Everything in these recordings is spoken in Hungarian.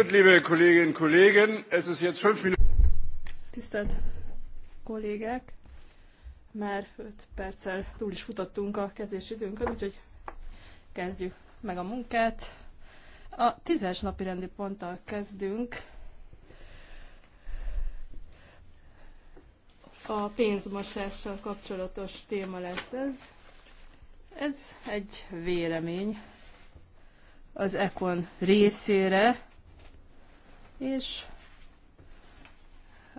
liebe Kolleginnen und Kollegen, es ist jetzt fünf Minuten. Tisztelt kollégák, már öt perccel túl is futottunk a kezdési időnkön, úgyhogy kezdjük meg a munkát. A tízes napi rendi ponttal kezdünk. A pénzmosással kapcsolatos téma lesz ez. Ez egy vélemény az Econ részére és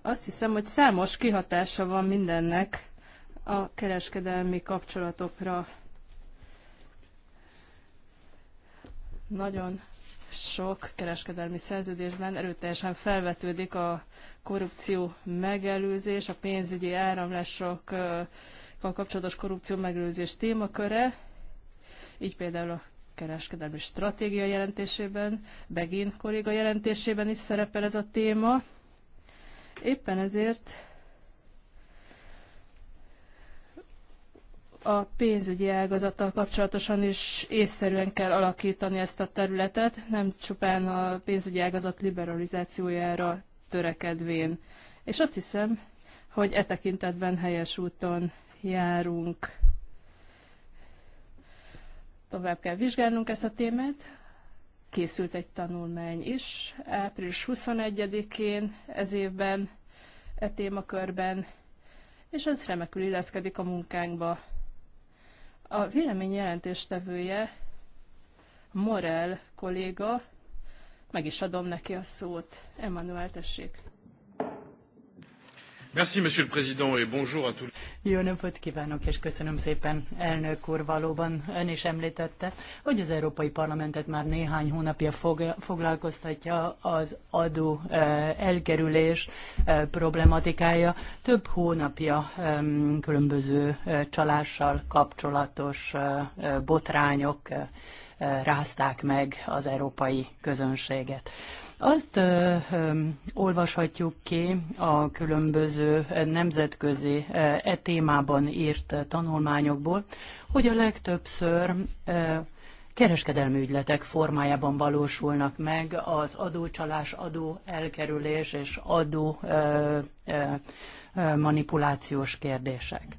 azt hiszem, hogy számos kihatása van mindennek a kereskedelmi kapcsolatokra. Nagyon sok kereskedelmi szerződésben erőteljesen felvetődik a korrupció megelőzés, a pénzügyi áramlásokkal kapcsolatos korrupció megelőzés témaköre, így például a kereskedelmi stratégia jelentésében, Begin kolléga jelentésében is szerepel ez a téma. Éppen ezért a pénzügyi ágazattal kapcsolatosan is észszerűen kell alakítani ezt a területet, nem csupán a pénzügyi ágazat liberalizációjára törekedvén. És azt hiszem, hogy e tekintetben helyes úton járunk. Tovább kell vizsgálnunk ezt a témát. Készült egy tanulmány is április 21-én ez évben, e témakörben, és ez remekül illeszkedik a munkánkba. A vélemény jelentéstevője Morel kolléga, meg is adom neki a szót. Emmanuel, tessék. Merci, Monsieur le Président, et bonjour à tous. Jó napot kívánok, és köszönöm szépen, elnök úr, valóban ön is említette, hogy az Európai Parlamentet már néhány hónapja fog, foglalkoztatja az adó elkerülés problematikája. Több hónapja különböző csalással kapcsolatos botrányok rázták meg az európai közönséget. Azt ö, ö, olvashatjuk ki a különböző nemzetközi e témában írt tanulmányokból, hogy a legtöbbször ö, kereskedelmi ügyletek formájában valósulnak meg az adócsalás, adó elkerülés és adó ö, ö, manipulációs kérdések.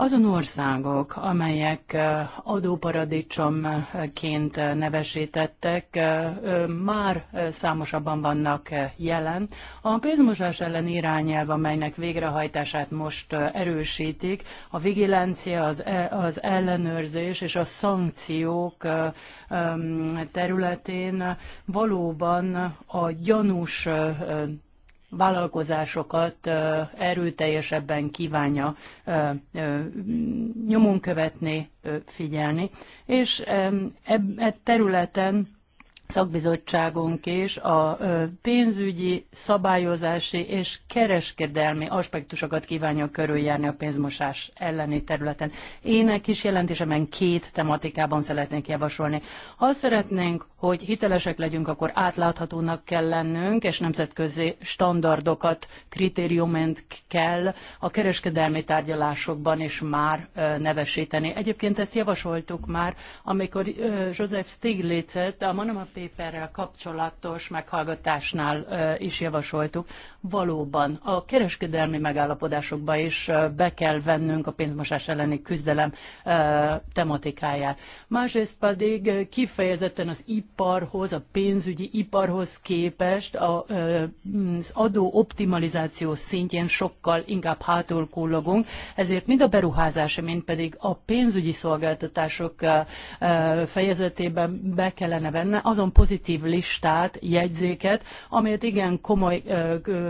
Azon országok, amelyek adóparadicsomként nevesítettek, már számosabban vannak jelen. A pénzmosás ellen irányelv, amelynek végrehajtását most erősítik, a vigilancia, az, e, az ellenőrzés és a szankciók területén valóban a gyanús vállalkozásokat erőteljesebben kívánja nyomon követni, figyelni. És e, e területen szakbizottságunk is a pénzügyi, szabályozási és kereskedelmi aspektusokat kívánja körüljárni a pénzmosás elleni területen. Én egy kis jelentésemben két tematikában szeretnék javasolni. Ha szeretnénk, hogy hitelesek legyünk, akkor átláthatónak kell lennünk, és nemzetközi standardokat, kritériument kell a kereskedelmi tárgyalásokban is már nevesíteni. Egyébként ezt javasoltuk már, amikor Joseph Stiglitzet a Manama Paperrel kapcsolatos meghallgatásnál is javasoltuk. Valóban a kereskedelmi megállapodásokba is be kell vennünk a pénzmosás elleni küzdelem tematikáját. Másrészt pedig kifejezetten az iparhoz, a pénzügyi iparhoz képest az adó optimalizáció szintjén sokkal inkább hátul kullogunk, ezért mind a beruházás, mind pedig a pénzügyi szolgáltatások fejezetében be kellene venne, azon nagyon pozitív listát, jegyzéket, amelyet igen komoly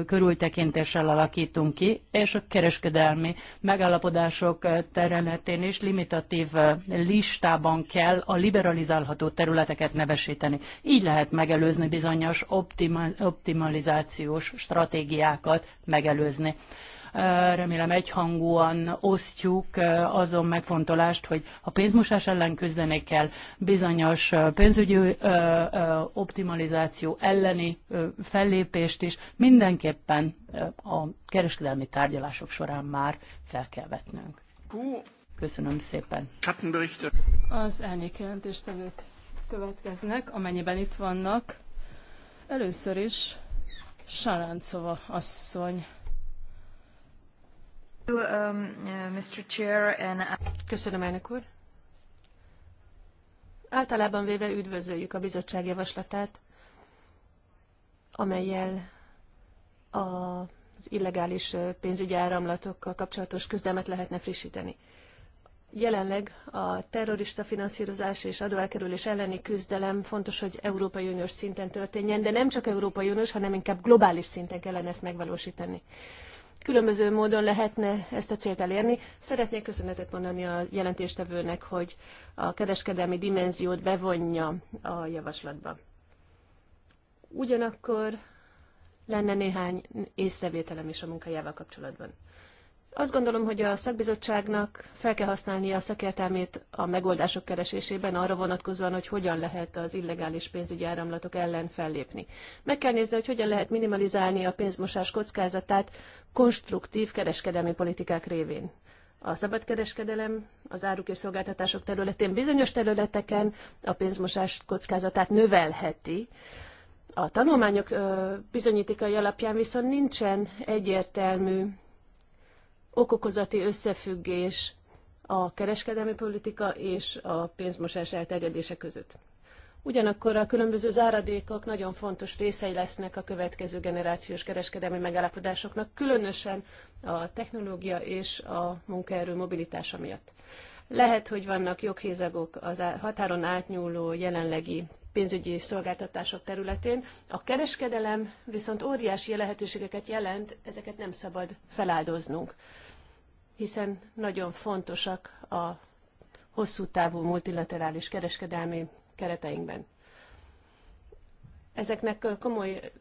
körültekintéssel alakítunk ki, és a kereskedelmi megállapodások területén is limitatív listában kell a liberalizálható területeket nevesíteni. Így lehet megelőzni bizonyos optimalizációs stratégiákat megelőzni remélem egyhangúan osztjuk azon megfontolást, hogy a pénzmosás ellen küzdeni kell, bizonyos pénzügyi optimalizáció elleni fellépést is mindenképpen a kereskedelmi tárgyalások során már fel kell vetnünk. Köszönöm szépen. Az elnék jelentéstevők következnek, amennyiben itt vannak. Először is Sarancova asszony. Um, uh, Köszönöm, elnök úr. Általában véve üdvözöljük a bizottság javaslatát, amelyel az illegális pénzügyi áramlatokkal kapcsolatos küzdelmet lehetne frissíteni. Jelenleg a terrorista finanszírozás és adóelkerülés elleni küzdelem fontos, hogy Európai Uniós szinten történjen, de nem csak Európai Uniós, hanem inkább globális szinten kellene ezt megvalósítani különböző módon lehetne ezt a célt elérni. Szeretnék köszönetet mondani a jelentéstevőnek, hogy a kereskedelmi dimenziót bevonja a javaslatba. Ugyanakkor lenne néhány észrevételem is a munkájával kapcsolatban. Azt gondolom, hogy a szakbizottságnak fel kell használnia a szakértelmét a megoldások keresésében arra vonatkozóan, hogy hogyan lehet az illegális pénzügyi áramlatok ellen fellépni. Meg kell nézni, hogy hogyan lehet minimalizálni a pénzmosás kockázatát konstruktív kereskedelmi politikák révén. A szabadkereskedelem az áruk és szolgáltatások területén bizonyos területeken a pénzmosás kockázatát növelheti, a tanulmányok bizonyítékai alapján viszont nincsen egyértelmű okokozati összefüggés a kereskedelmi politika és a pénzmosás elterjedése között. Ugyanakkor a különböző záradékok nagyon fontos részei lesznek a következő generációs kereskedelmi megállapodásoknak, különösen a technológia és a munkaerő mobilitása miatt. Lehet, hogy vannak joghézagok az határon átnyúló jelenlegi pénzügyi szolgáltatások területén. A kereskedelem viszont óriási lehetőségeket jelent, ezeket nem szabad feláldoznunk, hiszen nagyon fontosak a hosszú távú multilaterális kereskedelmi kereteinkben. Ezeknek komoly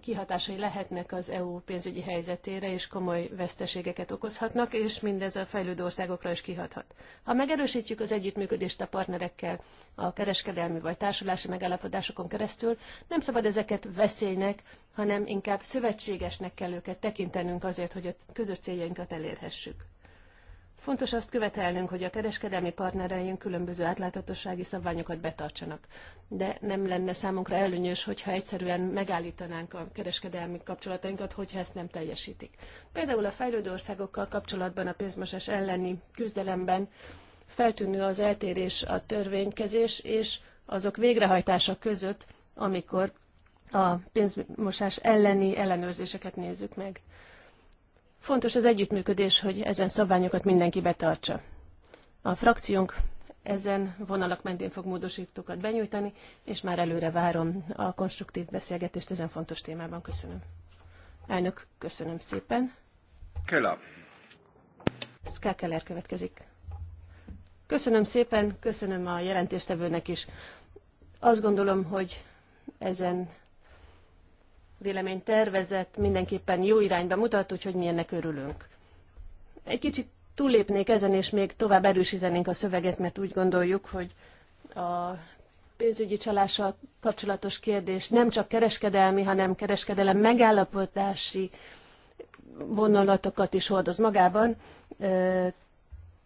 kihatásai lehetnek az EU pénzügyi helyzetére, és komoly veszteségeket okozhatnak, és mindez a fejlődő országokra is kihathat. Ha megerősítjük az együttműködést a partnerekkel a kereskedelmi vagy társulási megállapodásokon keresztül, nem szabad ezeket veszélynek, hanem inkább szövetségesnek kell őket tekintenünk azért, hogy a közös céljainkat elérhessük. Fontos azt követelnünk, hogy a kereskedelmi partnereink különböző átláthatósági szabványokat betartsanak. De nem lenne számunkra előnyös, hogyha egyszerűen megállítanánk a kereskedelmi kapcsolatainkat, hogyha ezt nem teljesítik. Például a fejlődő országokkal kapcsolatban a pénzmosás elleni küzdelemben feltűnő az eltérés a törvénykezés és azok végrehajtása között, amikor a pénzmosás elleni ellenőrzéseket nézzük meg. Fontos az együttműködés, hogy ezen szabványokat mindenki betartsa. A frakciónk ezen vonalak mentén fog módosítókat benyújtani, és már előre várom a konstruktív beszélgetést ezen fontos témában. Köszönöm. Elnök, köszönöm szépen. Köla. Skákeller következik. Köszönöm szépen, köszönöm a jelentéstevőnek is. Azt gondolom, hogy ezen véleménytervezet mindenképpen jó irányba mutat, úgyhogy mi ennek örülünk. Egy kicsit túllépnék ezen, és még tovább erősítenénk a szöveget, mert úgy gondoljuk, hogy a pénzügyi csalással kapcsolatos kérdés nem csak kereskedelmi, hanem kereskedelem megállapodási vonalatokat is hordoz magában.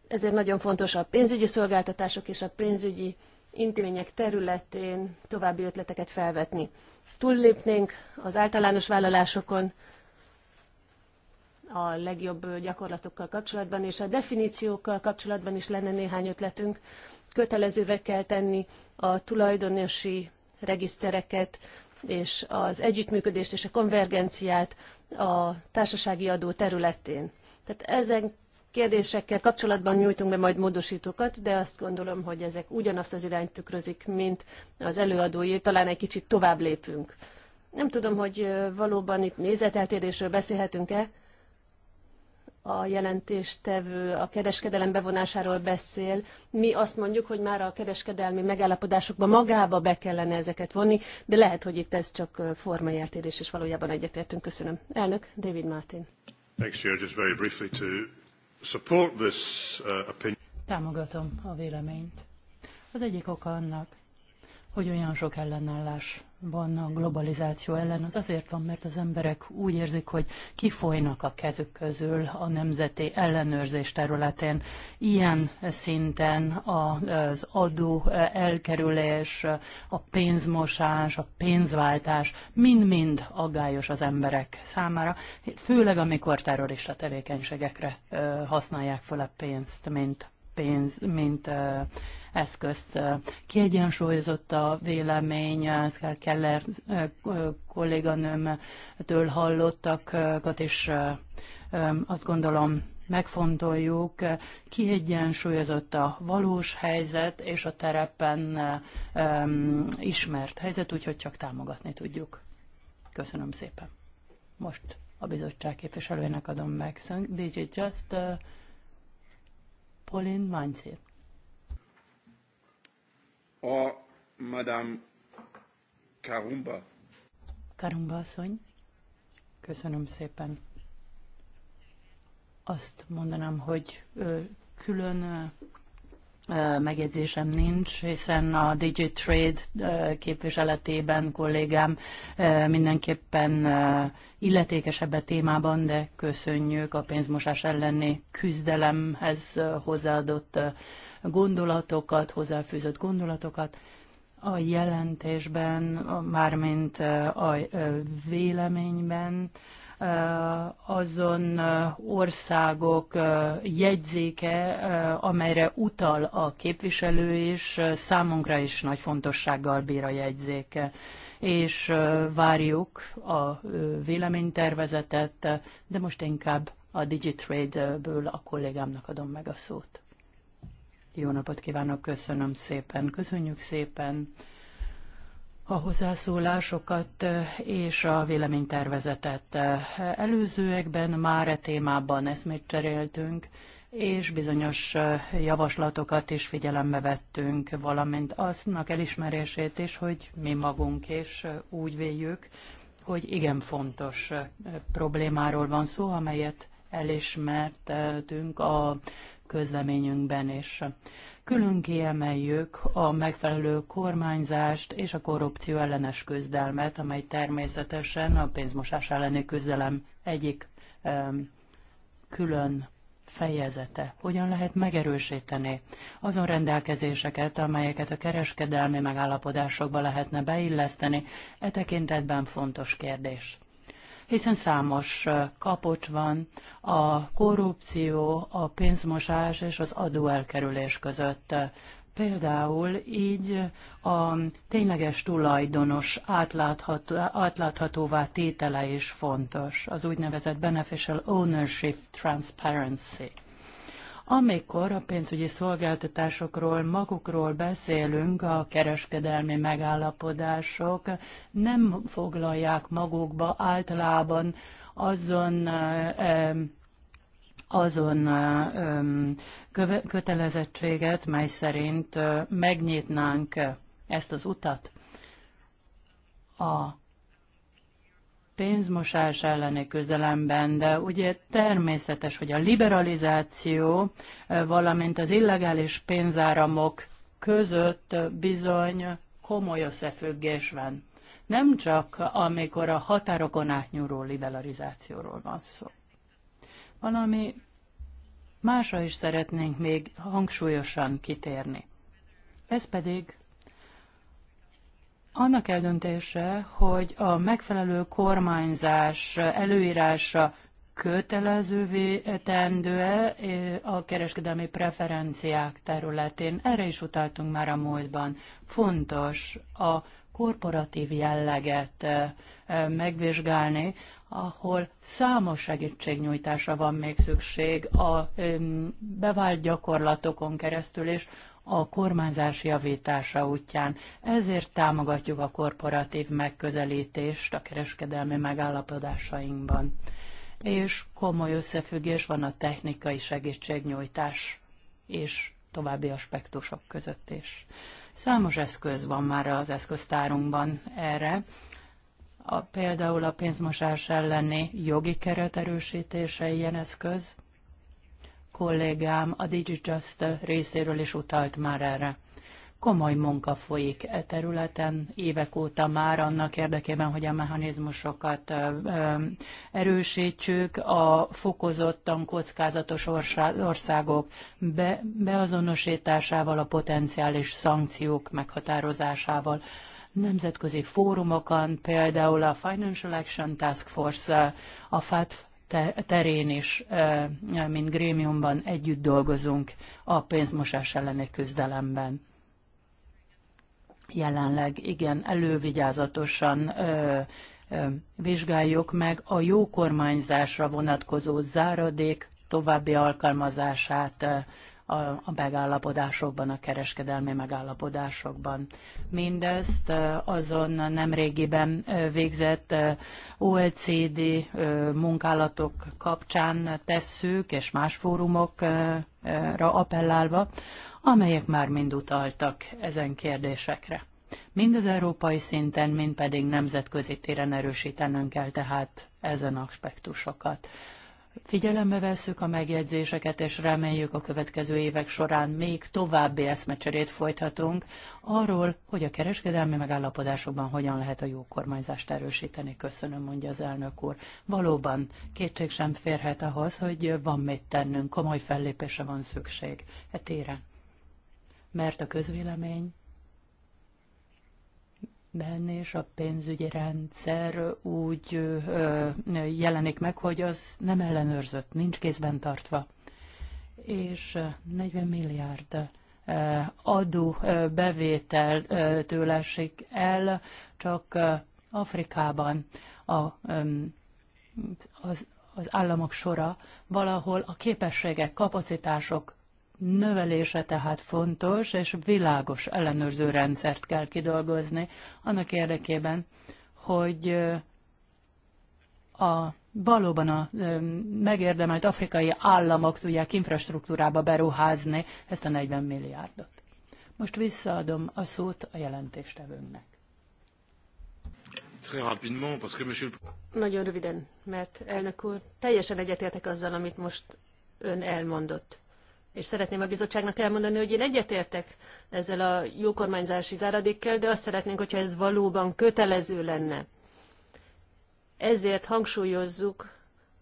Ezért nagyon fontos a pénzügyi szolgáltatások és a pénzügyi intézmények területén további ötleteket felvetni túllépnénk az általános vállalásokon, a legjobb gyakorlatokkal kapcsolatban, és a definíciókkal kapcsolatban is lenne néhány ötletünk. Kötelezővé kell tenni a tulajdonosi regisztereket, és az együttműködést és a konvergenciát a társasági adó területén. Tehát ezen kérdésekkel kapcsolatban nyújtunk be majd módosítókat, de azt gondolom, hogy ezek ugyanazt az irányt tükrözik, mint az előadói, talán egy kicsit tovább lépünk. Nem tudom, hogy valóban itt nézeteltérésről beszélhetünk-e. A jelentéstevő a kereskedelem bevonásáról beszél. Mi azt mondjuk, hogy már a kereskedelmi megállapodásokba magába be kellene ezeket vonni, de lehet, hogy itt ez csak formai eltérés, és valójában egyetértünk. Köszönöm. Elnök, David Martin. Thanks, Chair. Just very briefly to Uh, Támogatom a véleményt. Az egyik oka annak, hogy olyan sok ellenállás van a globalizáció ellen, az azért van, mert az emberek úgy érzik, hogy kifolynak a kezük közül a nemzeti ellenőrzés területén. Ilyen szinten az adó elkerülés, a pénzmosás, a pénzváltás mind-mind aggályos az emberek számára, főleg amikor terrorista tevékenységekre használják fel a pénzt, mint pénz, mint eszközt. Kiegyensúlyozott a vélemény, Szkár Keller kolléganőmtől hallottakat, és azt gondolom, megfontoljuk, kiegyensúlyozott a valós helyzet és a terepen um, ismert helyzet, úgyhogy csak támogatni tudjuk. Köszönöm szépen. Most a bizottság képviselőjének adom meg. Szóval, DJ Just Pauline Weinzel. A Madame Karumba. Karumba asszony, köszönöm szépen. Azt mondanám, hogy külön megjegyzésem nincs, hiszen a DigiTrade képviseletében kollégám mindenképpen illetékesebb a témában, de köszönjük a pénzmosás elleni küzdelemhez hozzáadott gondolatokat, hozzáfűzött gondolatokat. A jelentésben, mármint a véleményben Eh, azon eh, országok eh, jegyzéke, amelyre utal a képviselő, és számunkra is nagy fontossággal bír a jegyzéke. És várjuk a véleménytervezetet, de most inkább a Digitrade-ből a kollégámnak adom meg a szót. Jó napot kívánok, köszönöm szépen. Köszönjük szépen a hozzászólásokat eh, és a véleménytervezetet. Eh, előzőekben már e témában eszmét cseréltünk, és bizonyos eh, javaslatokat is figyelembe vettünk, valamint aznak elismerését is, hogy mi magunk is úgy véljük, hogy igen fontos problémáról van szó, amelyet elismertünk a közleményünkben is külön kiemeljük a megfelelő kormányzást és a korrupció ellenes küzdelmet, amely természetesen a pénzmosás elleni küzdelem egyik um, külön fejezete. Hogyan lehet megerősíteni azon rendelkezéseket, amelyeket a kereskedelmi megállapodásokba lehetne beilleszteni? E tekintetben fontos kérdés hiszen számos kapocs van a korrupció, a pénzmosás és az adóelkerülés között. Például így a tényleges tulajdonos átlátható, átláthatóvá tétele is fontos, az úgynevezett beneficial ownership transparency. Amikor a pénzügyi szolgáltatásokról, magukról beszélünk, a kereskedelmi megállapodások nem foglalják magukba általában azon eh, azon eh, kötelezettséget, mely szerint eh, megnyitnánk ezt az utat a pénzmosás elleni küzdelemben, de ugye természetes, hogy a liberalizáció, valamint az illegális pénzáramok között bizony komoly összefüggés van. Nem csak amikor a határokon átnyúló liberalizációról van szó. Valami másra is szeretnénk még hangsúlyosan kitérni. Ez pedig annak eldöntése, hogy a megfelelő kormányzás előírása kötelezővé tendő-e eh, a kereskedelmi preferenciák területén. Erre is utaltunk már a múltban. Fontos a korporatív jelleget eh, eh, megvizsgálni, ahol számos segítségnyújtásra van még szükség a bevált gyakorlatokon keresztül, és a kormányzás javítása útján. Ezért támogatjuk a korporatív megközelítést a kereskedelmi megállapodásainkban. És komoly összefüggés van a technikai segítségnyújtás és további aspektusok között is. Számos eszköz van már az eszköztárunkban erre, a, például a pénzmosás elleni jogi keret erősítése ilyen eszköz, kollégám a DigiJust részéről is utalt már erre. Komoly munka folyik e területen évek óta már annak érdekében, hogy a mechanizmusokat erősítsük, a fokozottan kockázatos országok be, beazonosításával, a potenciális szankciók meghatározásával nemzetközi fórumokon, például a Financial Action Task Force, a FATF terén is, mint grémiumban együtt dolgozunk a pénzmosás elleni küzdelemben. Jelenleg igen, elővigyázatosan vizsgáljuk meg a jó kormányzásra vonatkozó záradék további alkalmazását a, a megállapodásokban, a kereskedelmi megállapodásokban. Mindezt azon nemrégiben végzett OECD munkálatok kapcsán tesszük, és más fórumokra appellálva, amelyek már mind utaltak ezen kérdésekre. Mind az európai szinten, mind pedig nemzetközi téren erősítenünk kell tehát ezen aspektusokat. Figyelembe vesszük a megjegyzéseket, és reméljük a következő évek során még további eszmecserét folytatunk arról, hogy a kereskedelmi megállapodásokban hogyan lehet a jó kormányzást erősíteni. Köszönöm, mondja az elnök úr. Valóban kétség sem férhet ahhoz, hogy van mit tennünk, komoly fellépésre van szükség. E téren. Mert a közvélemény ben és a pénzügyi rendszer úgy ö, jelenik meg, hogy az nem ellenőrzött, nincs kézben tartva. És 40 milliárd adó tőle esik el, csak Afrikában a, az, az államok sora valahol a képességek, kapacitások növelése tehát fontos, és világos ellenőrző rendszert kell kidolgozni annak érdekében, hogy a valóban a megérdemelt afrikai államok tudják infrastruktúrába beruházni ezt a 40 milliárdot. Most visszaadom a szót a jelentéstevőnknek. Nagyon röviden, mert elnök úr, teljesen egyetértek azzal, amit most ön elmondott és szeretném a bizottságnak elmondani, hogy én egyetértek ezzel a jókormányzási záradékkel, de azt szeretnénk, hogyha ez valóban kötelező lenne. Ezért hangsúlyozzuk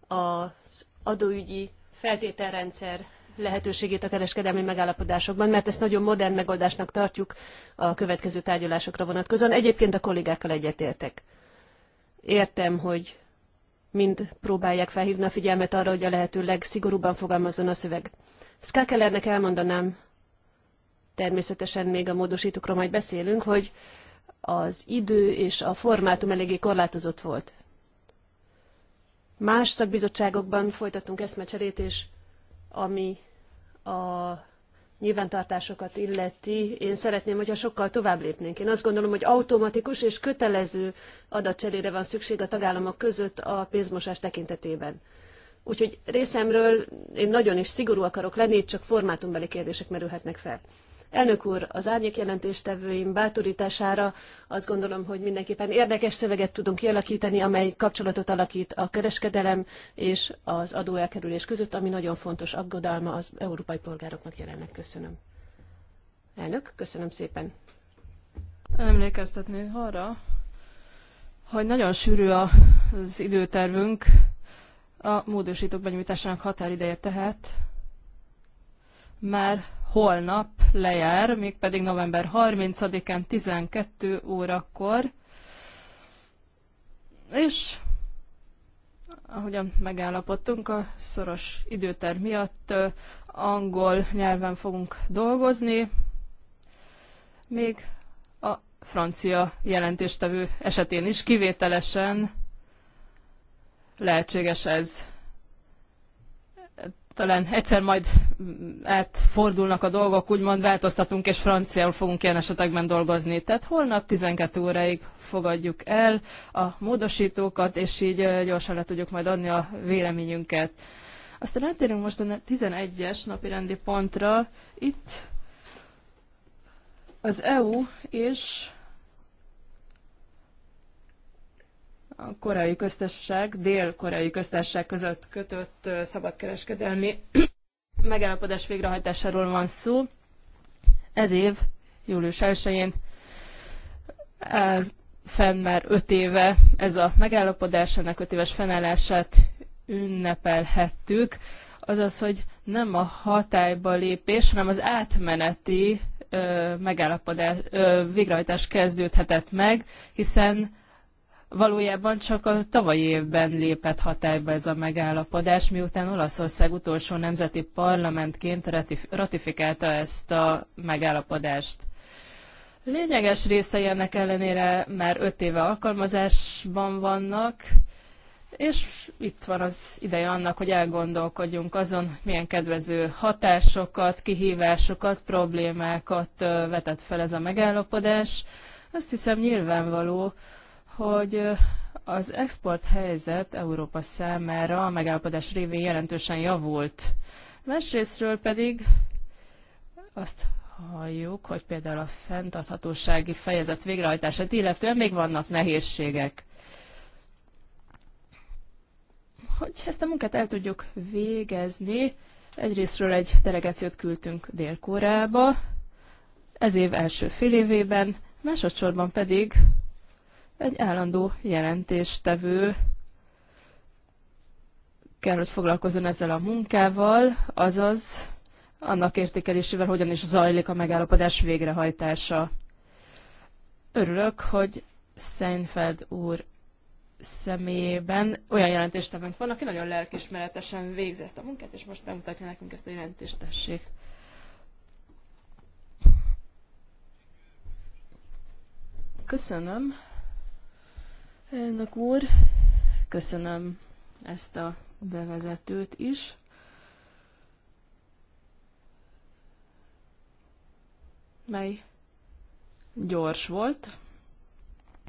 az adóügyi feltételrendszer lehetőségét a kereskedelmi megállapodásokban, mert ezt nagyon modern megoldásnak tartjuk a következő tárgyalásokra vonatkozóan. Egyébként a kollégákkal egyetértek. Értem, hogy mind próbálják felhívni a figyelmet arra, hogy a lehető legszigorúbban fogalmazzon a szöveg. Skakelernek elmondanám, természetesen még a módosítókról majd beszélünk, hogy az idő és a formátum eléggé korlátozott volt. Más szakbizottságokban folytatunk eszmecserét, és ami a nyilvántartásokat illeti, én szeretném, hogyha sokkal tovább lépnénk. Én azt gondolom, hogy automatikus és kötelező adatcserére van szükség a tagállamok között a pénzmosás tekintetében. Úgyhogy részemről én nagyon is szigorú akarok lenni, itt csak formátumbeli kérdések merülhetnek fel. Elnök úr, az árnyék jelentéstevőim bátorítására azt gondolom, hogy mindenképpen érdekes szöveget tudunk kialakítani, amely kapcsolatot alakít a kereskedelem és az adóelkerülés között, ami nagyon fontos aggodalma az európai polgároknak jelenleg. Köszönöm. Elnök, köszönöm szépen. Emlékeztetni arra, hogy nagyon sűrű az időtervünk, a módosítók benyújtásának határideje tehát már holnap lejár, mégpedig november 30-án 12 órakor. És ahogyan megállapodtunk, a szoros időter miatt angol nyelven fogunk dolgozni, még a francia jelentéstevő esetén is kivételesen lehetséges ez. Talán egyszer majd átfordulnak a dolgok, úgymond változtatunk, és franciául fogunk ilyen esetekben dolgozni. Tehát holnap 12 óráig fogadjuk el a módosítókat, és így gyorsan le tudjuk majd adni a véleményünket. Aztán áttérünk most a 11-es napirendi pontra. Itt az EU és a koreai köztársaság, dél-koreai köztársaság között kötött szabadkereskedelmi megállapodás végrehajtásáról van szó. Ez év, július 1-én fenn már 5 éve ez a megállapodás, ennek 5 éves fennállását ünnepelhettük. Azaz, hogy nem a hatályba lépés, hanem az átmeneti ö, megállapodás, ö, végrehajtás kezdődhetett meg, hiszen Valójában csak a tavalyi évben lépett hatályba ez a megállapodás, miután Olaszország utolsó nemzeti parlamentként ratifikálta ezt a megállapodást. Lényeges részei ennek ellenére már öt éve alkalmazásban vannak, és itt van az ideje annak, hogy elgondolkodjunk azon, milyen kedvező hatásokat, kihívásokat, problémákat vetett fel ez a megállapodás. Azt hiszem nyilvánvaló, hogy az export helyzet Európa számára a megállapodás révén jelentősen javult. Másrésztről pedig azt halljuk, hogy például a fenntarthatósági fejezet végrehajtását illetően még vannak nehézségek. Hogy ezt a munkát el tudjuk végezni, egyrésztről egy delegációt küldtünk Dél-Koreába, ez év első fél évében, másodszorban pedig egy állandó jelentéstevő kell, hogy foglalkozzon ezzel a munkával, azaz annak értékelésével, hogyan is zajlik a megállapodás végrehajtása. Örülök, hogy Seinfeld úr személyében olyan jelentéstevőnk van, aki nagyon lelkismeretesen végzi ezt a munkát, és most bemutatja nekünk ezt a jelentést, tessék. Köszönöm, Elnök úr, köszönöm ezt a bevezetőt is. mely gyors volt,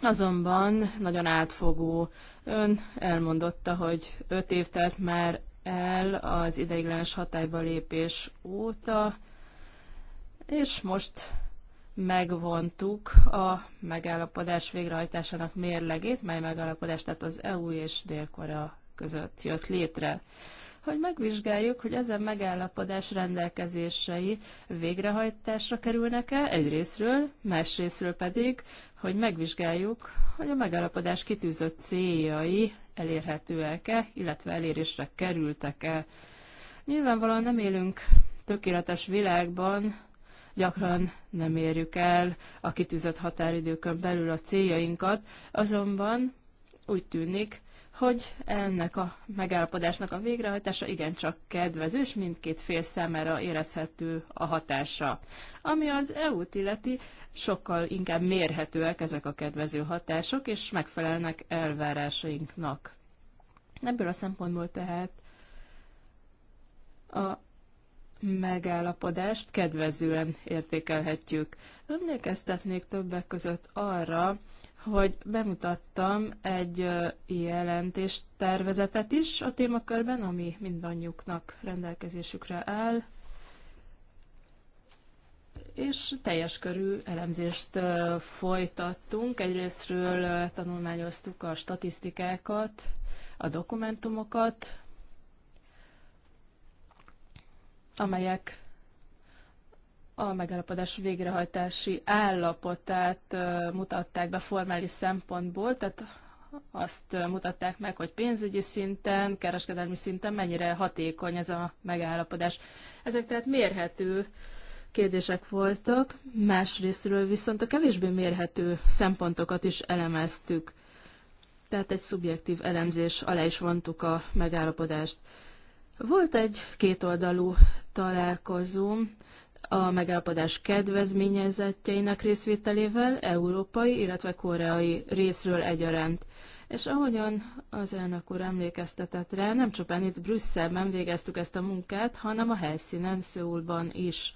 azonban nagyon átfogó. Ön elmondotta, hogy öt év telt már el az ideiglenes hatályba lépés óta, és most megvontuk a megállapodás végrehajtásának mérlegét, mely megállapodás tehát az EU és Dél-Korea között jött létre hogy megvizsgáljuk, hogy ezen megállapodás rendelkezései végrehajtásra kerülnek-e egyrésztről, másrésztről pedig, hogy megvizsgáljuk, hogy a megállapodás kitűzött céljai elérhetőek-e, illetve elérésre kerültek-e. Nyilvánvalóan nem élünk tökéletes világban, gyakran nem érjük el a kitűzött határidőkön belül a céljainkat, azonban úgy tűnik, hogy ennek a megállapodásnak a végrehajtása igencsak kedvező, és mindkét fél számára érezhető a hatása. Ami az EU-t illeti, sokkal inkább mérhetőek ezek a kedvező hatások, és megfelelnek elvárásainknak. Ebből a szempontból tehát a megállapodást kedvezően értékelhetjük. Emlékeztetnék többek között arra, hogy bemutattam egy jelentést tervezetet is a témakörben, ami mindannyiuknak rendelkezésükre áll, és teljes körű elemzést folytattunk. Egyrésztről tanulmányoztuk a statisztikákat, a dokumentumokat, amelyek a megállapodás végrehajtási állapotát mutatták be formális szempontból, tehát azt mutatták meg, hogy pénzügyi szinten, kereskedelmi szinten mennyire hatékony ez a megállapodás. Ezek tehát mérhető kérdések voltak, másrésztről viszont a kevésbé mérhető szempontokat is elemeztük. Tehát egy szubjektív elemzés alá is vontuk a megállapodást. Volt egy kétoldalú találkozó, a megállapodás kedvezményezettjeinek részvételével, európai, illetve koreai részről egyaránt. És ahogyan az elnök úr emlékeztetett rá, nem csupán itt Brüsszelben végeztük ezt a munkát, hanem a helyszínen, Szőulban is.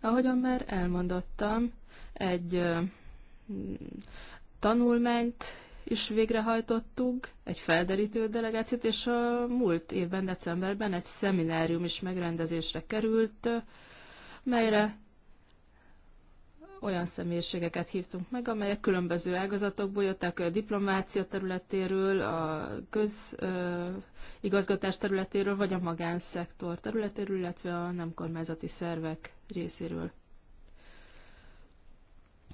Ahogyan már elmondottam, egy tanulmányt is végrehajtottunk, egy felderítő delegációt, és a múlt évben, decemberben egy szeminárium is megrendezésre került, melyre olyan személyiségeket hívtunk meg, amelyek különböző ágazatokból jöttek, a diplomácia területéről, a közigazgatás területéről, vagy a magánszektor területéről, illetve a nem kormányzati szervek részéről.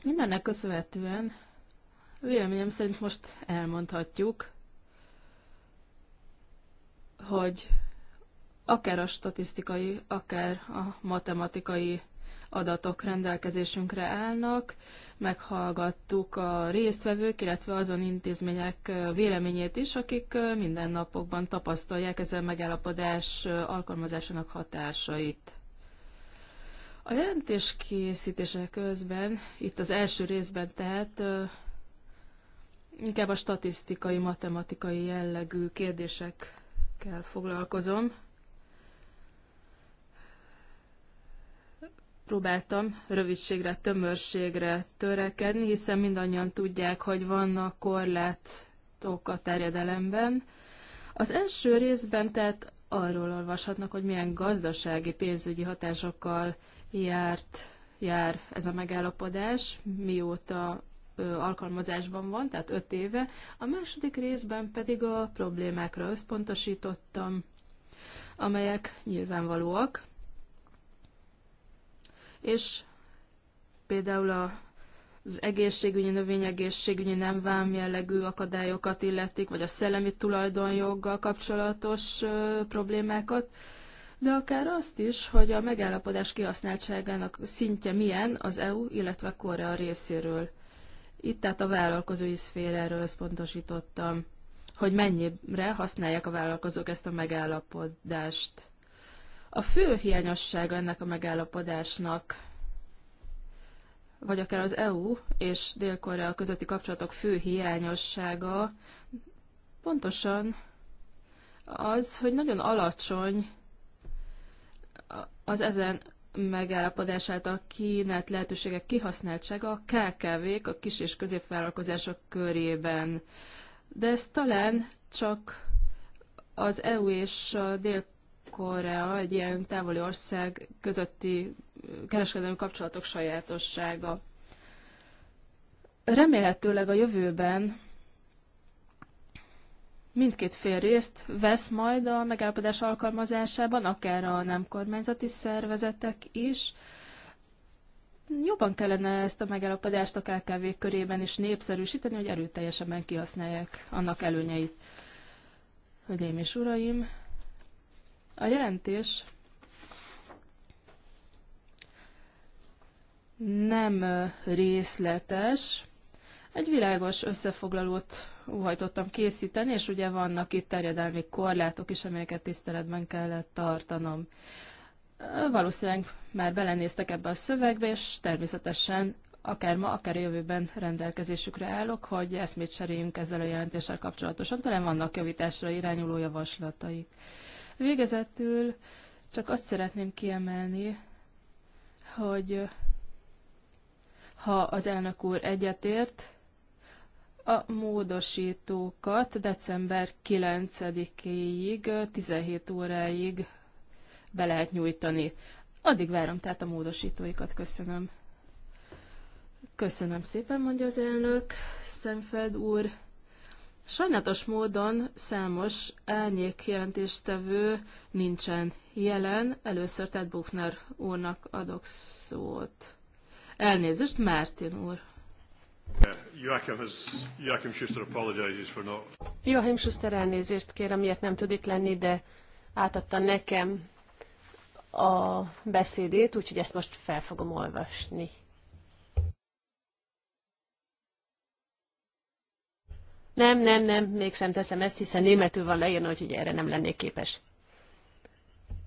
Mindennek köszönhetően Véleményem szerint most elmondhatjuk, hogy akár a statisztikai, akár a matematikai adatok rendelkezésünkre állnak. Meghallgattuk a résztvevők, illetve azon intézmények véleményét is, akik mindennapokban tapasztalják ezen megállapodás alkalmazásának hatásait. A jelentés készítése közben, itt az első részben tehát inkább a statisztikai, matematikai jellegű kérdésekkel foglalkozom. Próbáltam rövidségre, tömörségre törekedni, hiszen mindannyian tudják, hogy vannak korlátok a terjedelemben. Az első részben tehát arról olvashatnak, hogy milyen gazdasági, pénzügyi hatásokkal járt, jár ez a megállapodás, mióta alkalmazásban van, tehát öt éve. A második részben pedig a problémákra összpontosítottam, amelyek nyilvánvalóak, és például a az egészségügyi, növényegészségügyi nem vám jellegű akadályokat illetik, vagy a szellemi tulajdonjoggal kapcsolatos ö, problémákat, de akár azt is, hogy a megállapodás kihasználtságának szintje milyen az EU, illetve Korea részéről. Itt tehát a vállalkozói szféráról összpontosítottam, hogy mennyire használják a vállalkozók ezt a megállapodást. A fő hiányosság ennek a megállapodásnak, vagy akár az EU és Dél-Korea közötti kapcsolatok fő hiányossága pontosan az, hogy nagyon alacsony az ezen megállapodását a kínált lehetőségek kihasználtsága a KKV-k a kis- és középvállalkozások körében. De ez talán csak az EU és a Dél-Korea egy ilyen távoli ország közötti kereskedelmi kapcsolatok sajátossága. Remélhetőleg a jövőben mindkét fél részt vesz majd a megállapodás alkalmazásában, akár a nem kormányzati szervezetek is. Jobban kellene ezt a megállapodást a KKV körében is népszerűsíteni, hogy erőteljesebben kihasználják annak előnyeit. Hölgyeim és uraim, a jelentés nem részletes, egy világos összefoglalót óhajtottam készíteni, és ugye vannak itt terjedelmi korlátok is, amelyeket tiszteletben kellett tartanom. Valószínűleg már belenéztek ebbe a szövegbe, és természetesen akár ma, akár jövőben rendelkezésükre állok, hogy eszmét cseréljünk ezzel a jelentéssel kapcsolatosan. Talán vannak javításra irányuló javaslataik. Végezetül csak azt szeretném kiemelni, hogy ha az elnök úr egyetért, a módosítókat december 9-éig, 17 óráig be lehet nyújtani. Addig várom tehát a módosítóikat. Köszönöm. Köszönöm szépen, mondja az elnök, Szemfeld úr. Sajnálatos módon számos elnyék jelentéstevő nincsen jelen. Először Ted Buchner úrnak adok szót. Elnézést, Mártin úr. Joachim, has, Joachim Schuster apologizes for not... Joachim Schuster elnézést kér, amiért nem tud itt lenni, de átadta nekem a beszédét, úgyhogy ezt most fel fogom olvasni. Nem, nem, nem, mégsem teszem ezt, hiszen németül van leírni, hogy erre nem lennék képes.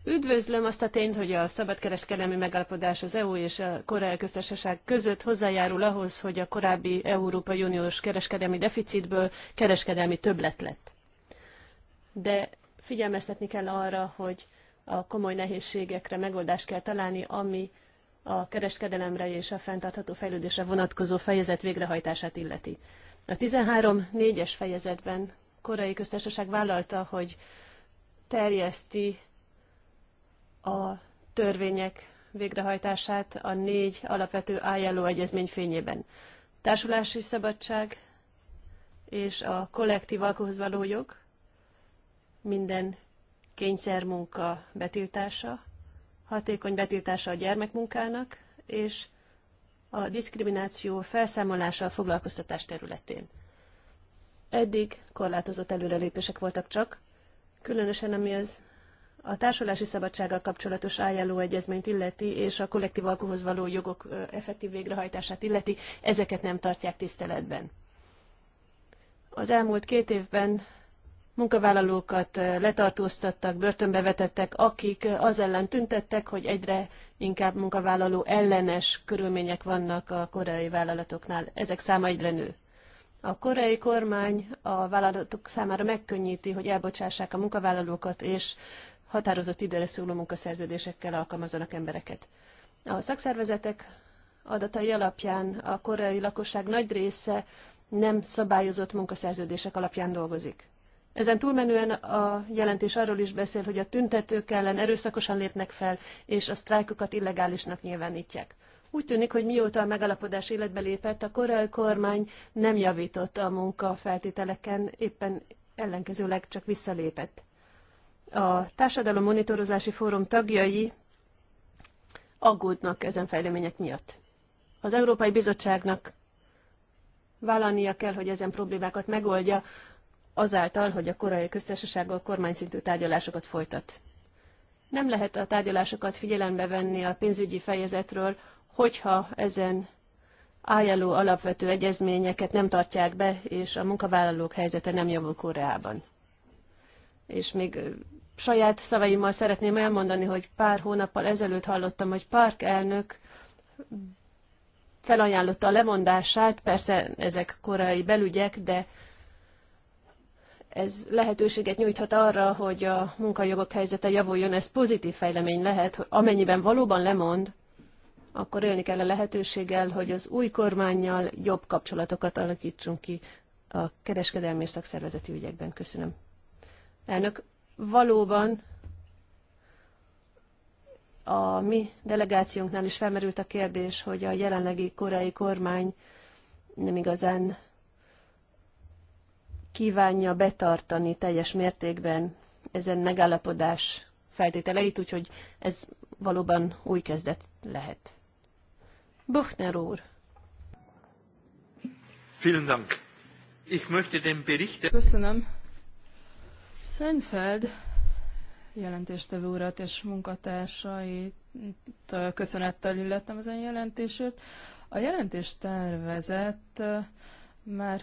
Üdvözlöm azt a tényt, hogy a szabadkereskedelmi megállapodás az EU és a Koreai Köztársaság között hozzájárul ahhoz, hogy a korábbi Európai Uniós kereskedelmi deficitből kereskedelmi többlet lett. De figyelmeztetni kell arra, hogy a komoly nehézségekre megoldást kell találni, ami a kereskedelemre és a fenntartható fejlődésre vonatkozó fejezet végrehajtását illeti. A 13.4-es fejezetben korai Köztársaság vállalta, hogy terjeszti a törvények végrehajtását a négy alapvető ILO egyezmény fényében. Társulási szabadság és a kollektív alkohoz való jog, minden kényszermunka betiltása, hatékony betiltása a gyermekmunkának, és a diszkrimináció felszámolása a foglalkoztatás területén. Eddig korlátozott előrelépések voltak csak, különösen ami az a társulási szabadsággal kapcsolatos álljáló egyezményt illeti, és a kollektív alkuhoz való jogok effektív végrehajtását illeti, ezeket nem tartják tiszteletben. Az elmúlt két évben munkavállalókat letartóztattak, börtönbe vetettek, akik az ellen tüntettek, hogy egyre inkább munkavállaló ellenes körülmények vannak a koreai vállalatoknál. Ezek száma egyre nő. A koreai kormány a vállalatok számára megkönnyíti, hogy elbocsássák a munkavállalókat, és határozott időre szóló munkaszerződésekkel alkalmazzanak embereket. A szakszervezetek adatai alapján a koreai lakosság nagy része nem szabályozott munkaszerződések alapján dolgozik. Ezen túlmenően a jelentés arról is beszél, hogy a tüntetők ellen erőszakosan lépnek fel, és a sztrájkokat illegálisnak nyilvánítják. Úgy tűnik, hogy mióta a megalapodás életbe lépett, a koreai kormány nem javított a feltételeken, éppen ellenkezőleg csak visszalépett. A Társadalom Monitorozási Fórum tagjai aggódnak ezen fejlemények miatt. Az Európai Bizottságnak vállalnia kell, hogy ezen problémákat megoldja, azáltal, hogy a korai köztársasággal kormányszintű tárgyalásokat folytat. Nem lehet a tárgyalásokat figyelembe venni a pénzügyi fejezetről, hogyha ezen álljáló alapvető egyezményeket nem tartják be, és a munkavállalók helyzete nem javul Koreában és még saját szavaimmal szeretném elmondani, hogy pár hónappal ezelőtt hallottam, hogy Park elnök felajánlotta a lemondását, persze ezek korai belügyek, de ez lehetőséget nyújthat arra, hogy a munkajogok helyzete javuljon, ez pozitív fejlemény lehet, hogy amennyiben valóban lemond, akkor élni kell a lehetőséggel, hogy az új kormányjal jobb kapcsolatokat alakítsunk ki a kereskedelmi és szakszervezeti ügyekben. Köszönöm. Elnök, valóban a mi delegációnknál is felmerült a kérdés, hogy a jelenlegi korai kormány nem igazán kívánja betartani teljes mértékben ezen megállapodás feltételeit, úgyhogy ez valóban új kezdet lehet. Buchner úr. Vielen Dank. Ich möchte den Bericht... Köszönöm. Seinfeld jelentéstevő urat és munkatársait köszönettel illettem ezen jelentését. A jelentés tervezett már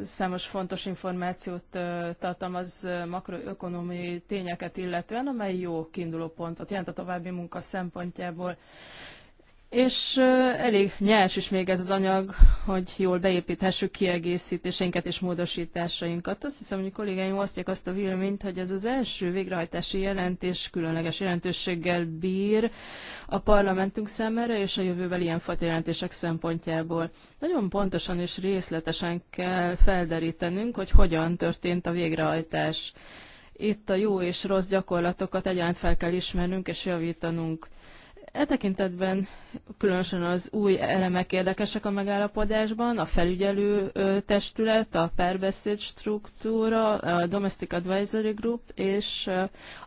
számos fontos információt tartalmaz makroökonomiai tényeket illetően, amely jó kiinduló pontot jelent a további munka szempontjából és elég nyers is még ez az anyag, hogy jól beépíthessük kiegészítéseinket és módosításainkat. Azt hiszem, hogy kollégáim osztják azt a véleményt, hogy ez az első végrehajtási jelentés különleges jelentőséggel bír a parlamentünk szemére és a jövővel ilyenfajta jelentések szempontjából. Nagyon pontosan és részletesen kell felderítenünk, hogy hogyan történt a végrehajtás. Itt a jó és rossz gyakorlatokat egyaránt fel kell ismernünk és javítanunk E tekintetben különösen az új elemek érdekesek a megállapodásban, a felügyelő testület, a párbeszéd struktúra, a Domestic Advisory Group és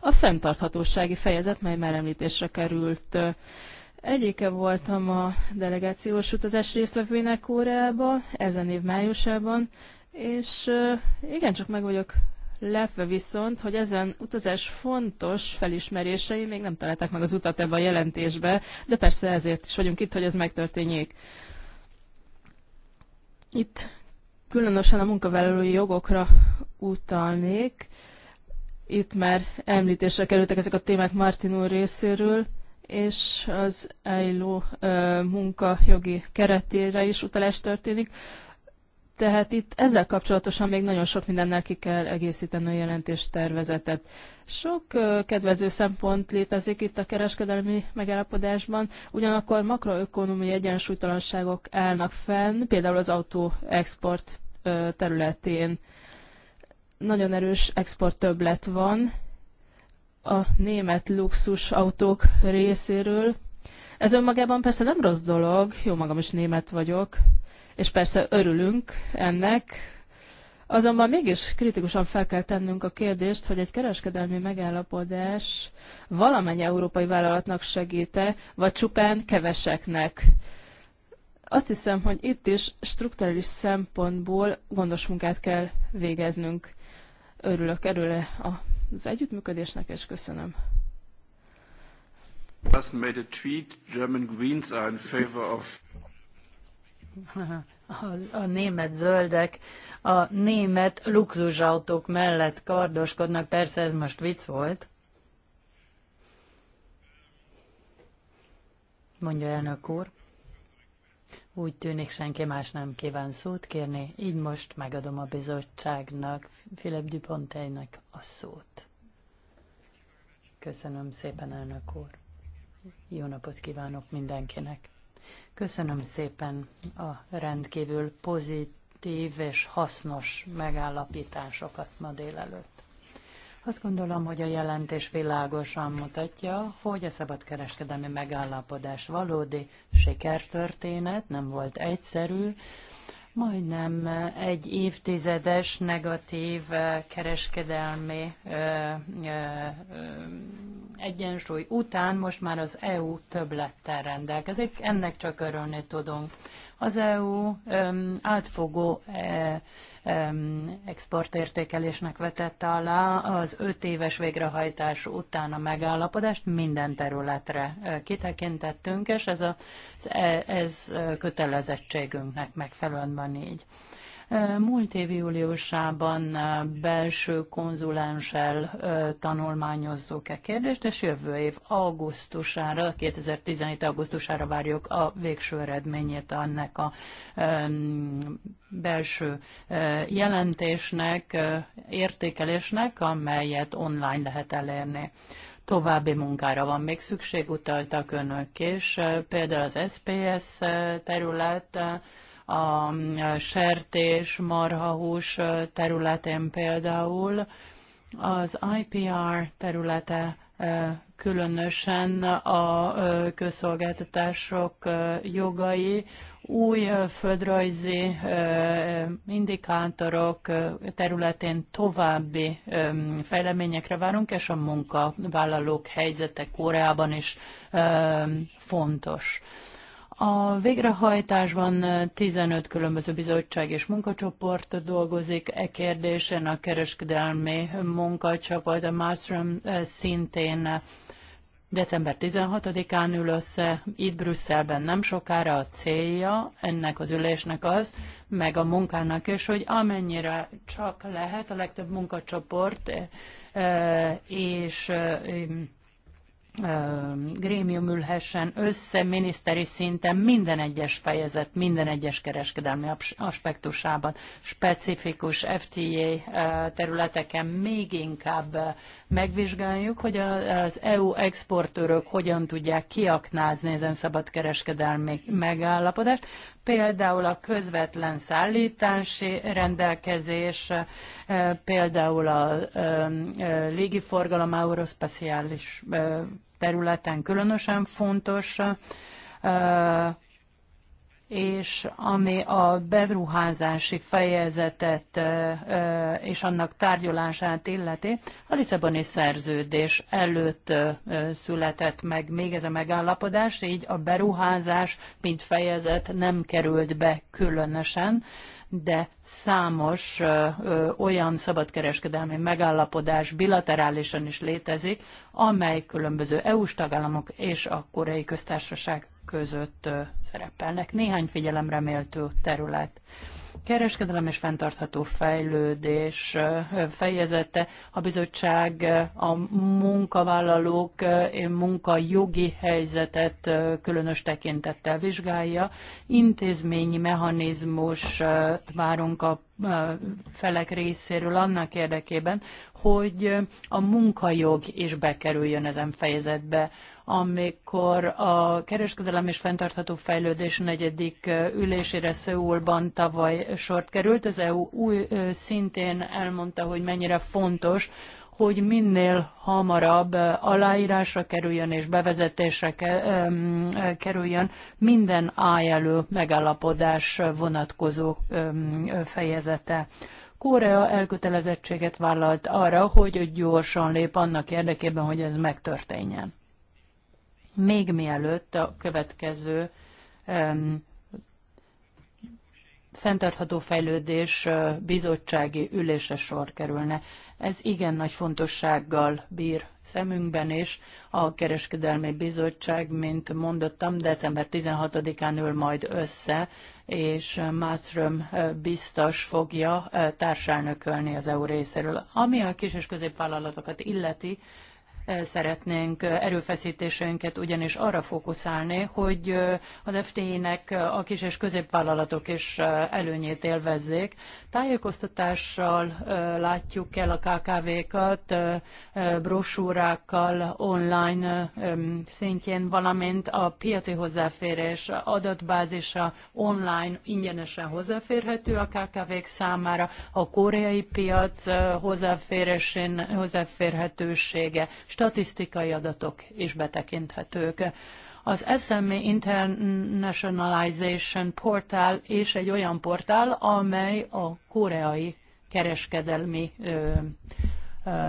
a fenntarthatósági fejezet, mely már említésre került. Egyike voltam a delegációs utazás résztvevőinek órába, ezen év májusában, és igencsak meg vagyok Lepve viszont, hogy ezen utazás fontos felismerései még nem találták meg az utat ebbe a jelentésbe, de persze ezért is vagyunk itt, hogy ez megtörténjék. Itt különösen a munkavállalói jogokra utalnék. Itt már említésre kerültek ezek a témák Martin úr részéről, és az EILO munkajogi keretére is utalás történik. Tehát itt ezzel kapcsolatosan még nagyon sok mindennel ki kell egészíteni a jelentéstervezetet. Sok kedvező szempont létezik itt a kereskedelmi megállapodásban, ugyanakkor makroökonomiai egyensúlytalanságok állnak fenn, például az autóexport területén. Nagyon erős export többlet van a német luxus autók részéről. Ez önmagában persze nem rossz dolog, jó magam is német vagyok, és persze örülünk ennek, Azonban mégis kritikusan fel kell tennünk a kérdést, hogy egy kereskedelmi megállapodás valamennyi európai vállalatnak segíte, vagy csupán keveseknek. Azt hiszem, hogy itt is strukturális szempontból gondos munkát kell végeznünk. Örülök erőle az együttműködésnek, és köszönöm. Made a tweet, German Greens are in favor of a, a német zöldek a német luxusautók mellett kardoskodnak, persze ez most vicc volt. Mondja elnök úr. Úgy tűnik senki más nem kíván szót kérni, így most megadom a bizottságnak, Philip Duponteinek a szót. Köszönöm szépen, elnök úr. Jó napot kívánok mindenkinek. Köszönöm szépen a rendkívül pozitív és hasznos megállapításokat ma délelőtt. Azt gondolom, hogy a jelentés világosan mutatja, hogy a szabadkereskedelmi megállapodás valódi sikertörténet, nem volt egyszerű, majdnem egy évtizedes negatív kereskedelmi egyensúly után most már az EU többlettel rendelkezik, ennek csak örülni tudunk. Az EU átfogó e, exportértékelésnek vetette alá az öt éves végrehajtás után a megállapodást minden területre e, kitekintettünk, és ez, a, ez e, kötelezettségünknek megfelelően van így. Múlt év júliusában belső konzulenssel tanulmányozzuk e kérdést, és jövő év augusztusára, 2017 augusztusára várjuk a végső eredményét annak a belső jelentésnek, értékelésnek, amelyet online lehet elérni. További munkára van még szükség, utaltak önök is, például az SPS terület, a mm, sertés, marhahús területén például, az IPR területe különösen a közszolgáltatások jogai, új földrajzi indikátorok területén további fejleményekre várunk, és a munkavállalók helyzete Koreában is fontos. A végrehajtásban 15 különböző bizottság és munkacsoport dolgozik. E kérdésen a kereskedelmi munkacsapat, a Malmström szintén december 16-án ül össze, itt Brüsszelben nem sokára a célja ennek az ülésnek az, meg a munkának is, hogy amennyire csak lehet, a legtöbb munkacsoport és grémium ülhessen össze miniszteri szinten minden egyes fejezet, minden egyes kereskedelmi aspektusában, specifikus FTA területeken még inkább megvizsgáljuk, hogy az EU exportőrök hogyan tudják kiaknázni ezen kereskedelmi megállapodást, például a közvetlen szállítási rendelkezés, például a légiforgalom eurospeciális területen különösen fontos, és ami a beruházási fejezetet és annak tárgyalását illeti, a Lisszaboni szerződés előtt született meg még ez a megállapodás, így a beruházás, mint fejezet nem került be különösen de számos ö, ö, olyan szabadkereskedelmi megállapodás bilaterálisan is létezik, amely különböző EU-s tagállamok és a koreai köztársaság között ö, szerepelnek. Néhány figyelemre méltó terület kereskedelem és fenntartható fejlődés fejezete. A bizottság a munkavállalók munkajogi helyzetet különös tekintettel vizsgálja. Intézményi mechanizmus várunk a felek részéről annak érdekében, hogy a munkajog is bekerüljön ezen fejezetbe. Amikor a kereskedelem és fenntartható fejlődés negyedik ülésére Szöulban tavaly sort került, az EU új szintén elmondta, hogy mennyire fontos, hogy minél hamarabb aláírásra kerüljön és bevezetésre kerüljön minden ájelő megállapodás vonatkozó fejezete. Korea elkötelezettséget vállalt arra, hogy gyorsan lép annak érdekében, hogy ez megtörténjen. Még mielőtt a következő fenntartható fejlődés bizottsági ülésre sor kerülne. Ez igen nagy fontossággal bír szemünkben, és a Kereskedelmi Bizottság, mint mondottam, december 16-án ül majd össze, és Mátröm biztos fogja társelnökölni az EU részéről. Ami a kis és középvállalatokat illeti, szeretnénk erőfeszítéseinket ugyanis arra fókuszálni, hogy az FTI-nek a kis és középvállalatok is előnyét élvezzék. Tájékoztatással látjuk el a KKV-kat, brosúrákkal online szintjén, valamint a piaci hozzáférés adatbázisa online ingyenesen hozzáférhető a KKV-k számára, a koreai piac hozzáférésén, hozzáférhetősége statisztikai adatok is betekinthetők. Az SME Internationalization Portál és egy olyan portál, amely a koreai kereskedelmi ö, ö,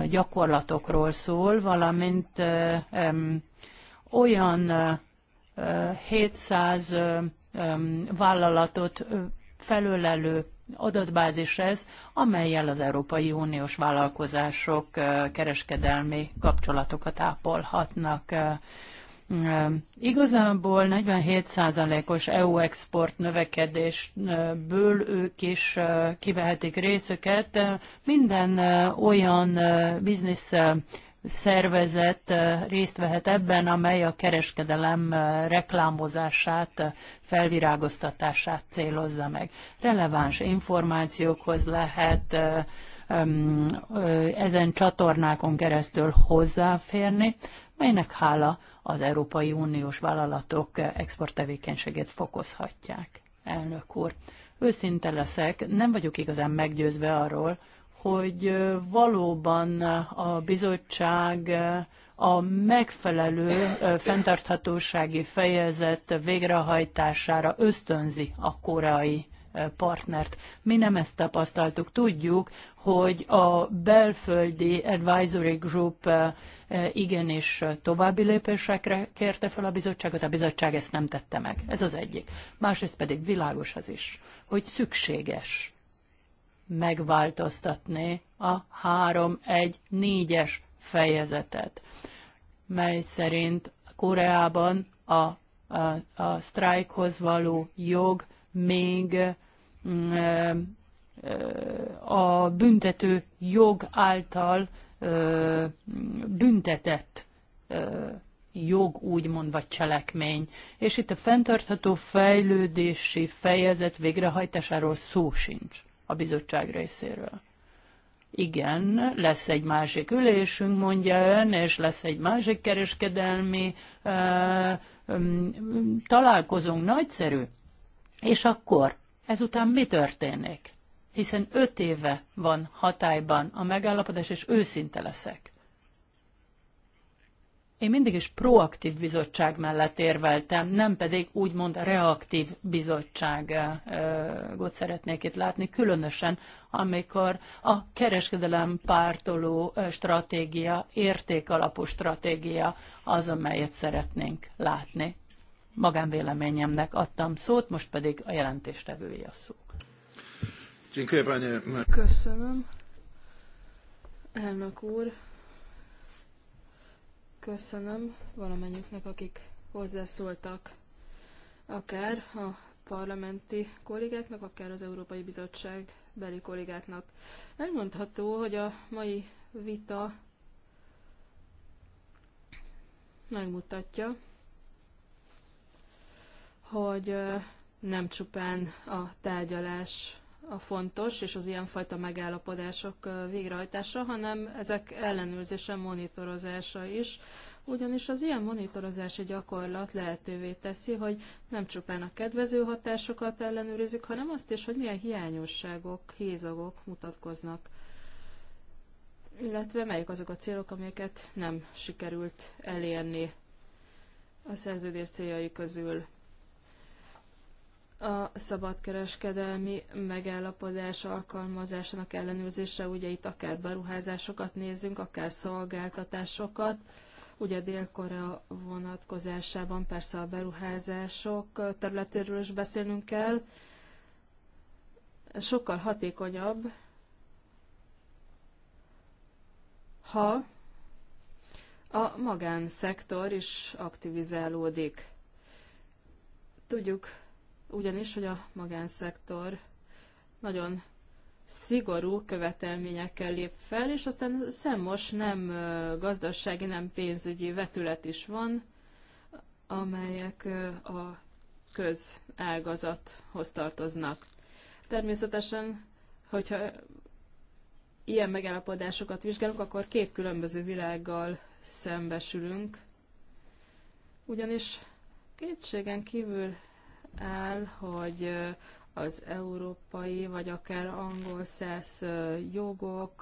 gyakorlatokról szól, valamint ö, ö, olyan ö, 700 ö, vállalatot felölelő adatbázishez, ez, amelyel az Európai Uniós vállalkozások kereskedelmi kapcsolatokat ápolhatnak. Igazából 47%-os EU export növekedésből ők is kivehetik részüket. Minden olyan biznisz szervezet eh, részt vehet ebben, amely a kereskedelem eh, reklámozását, eh, felvirágoztatását célozza meg. Releváns információkhoz lehet ezen csatornákon keresztül hozzáférni, melynek hála az Európai Uniós vállalatok exporttevékenységét fokozhatják. Elnök úr, őszinte leszek, nem vagyok igazán meggyőzve arról, hogy valóban a bizottság a megfelelő fenntarthatósági fejezet végrehajtására ösztönzi a koreai partnert. Mi nem ezt tapasztaltuk. Tudjuk, hogy a belföldi advisory group igenis további lépésekre kérte fel a bizottságot, a bizottság ezt nem tette meg. Ez az egyik. Másrészt pedig világos az is, hogy szükséges megváltoztatni a 3-1-4-es fejezetet, mely szerint Koreában a, a, a sztrájkhoz való jog még e, a büntető jog által ö, büntetett jog, úgymond, vagy cselekmény. És itt a fenntartható fejlődési fejezet végrehajtásáról szó sincs a bizottság részéről. Igen, lesz egy másik ülésünk, mondja ön, és lesz egy másik kereskedelmi uh, um, találkozónk, nagyszerű. És akkor, ezután mi történik? Hiszen öt éve van hatályban a megállapodás, és őszinte leszek. Én mindig is proaktív bizottság mellett érveltem, nem pedig úgymond reaktív bizottságot szeretnék itt látni, különösen amikor a kereskedelem pártoló stratégia, értékalapú stratégia az, amelyet szeretnénk látni. Magánvéleményemnek adtam szót, most pedig a jelentéstevői a szó. Köszönöm. Elnök úr, Köszönöm valamennyiknek, akik hozzászóltak, akár a parlamenti kollégáknak, akár az Európai Bizottság beli kollégáknak. Elmondható, hogy a mai vita megmutatja, hogy nem csupán a tárgyalás a fontos, és az ilyenfajta megállapodások végrehajtása, hanem ezek ellenőrzése, monitorozása is, ugyanis az ilyen monitorozási gyakorlat lehetővé teszi, hogy nem csupán a kedvező hatásokat ellenőrizzük, hanem azt is, hogy milyen hiányosságok, hézagok mutatkoznak, illetve melyik azok a célok, amelyeket nem sikerült elérni a szerződés céljai közül a szabadkereskedelmi megállapodás alkalmazásának ellenőrzése, ugye itt akár beruházásokat nézzünk, akár szolgáltatásokat, ugye Dél-Korea vonatkozásában persze a beruházások területéről is beszélnünk kell, sokkal hatékonyabb, ha a magánszektor is aktivizálódik. Tudjuk, ugyanis, hogy a magánszektor nagyon szigorú követelményekkel lép fel, és aztán szemmos nem gazdasági, nem pénzügyi vetület is van, amelyek a közágazathoz tartoznak. Természetesen, hogyha ilyen megállapodásokat vizsgálunk, akkor két különböző világgal szembesülünk, ugyanis kétségen kívül áll, hogy az európai, vagy akár angol szesz jogok,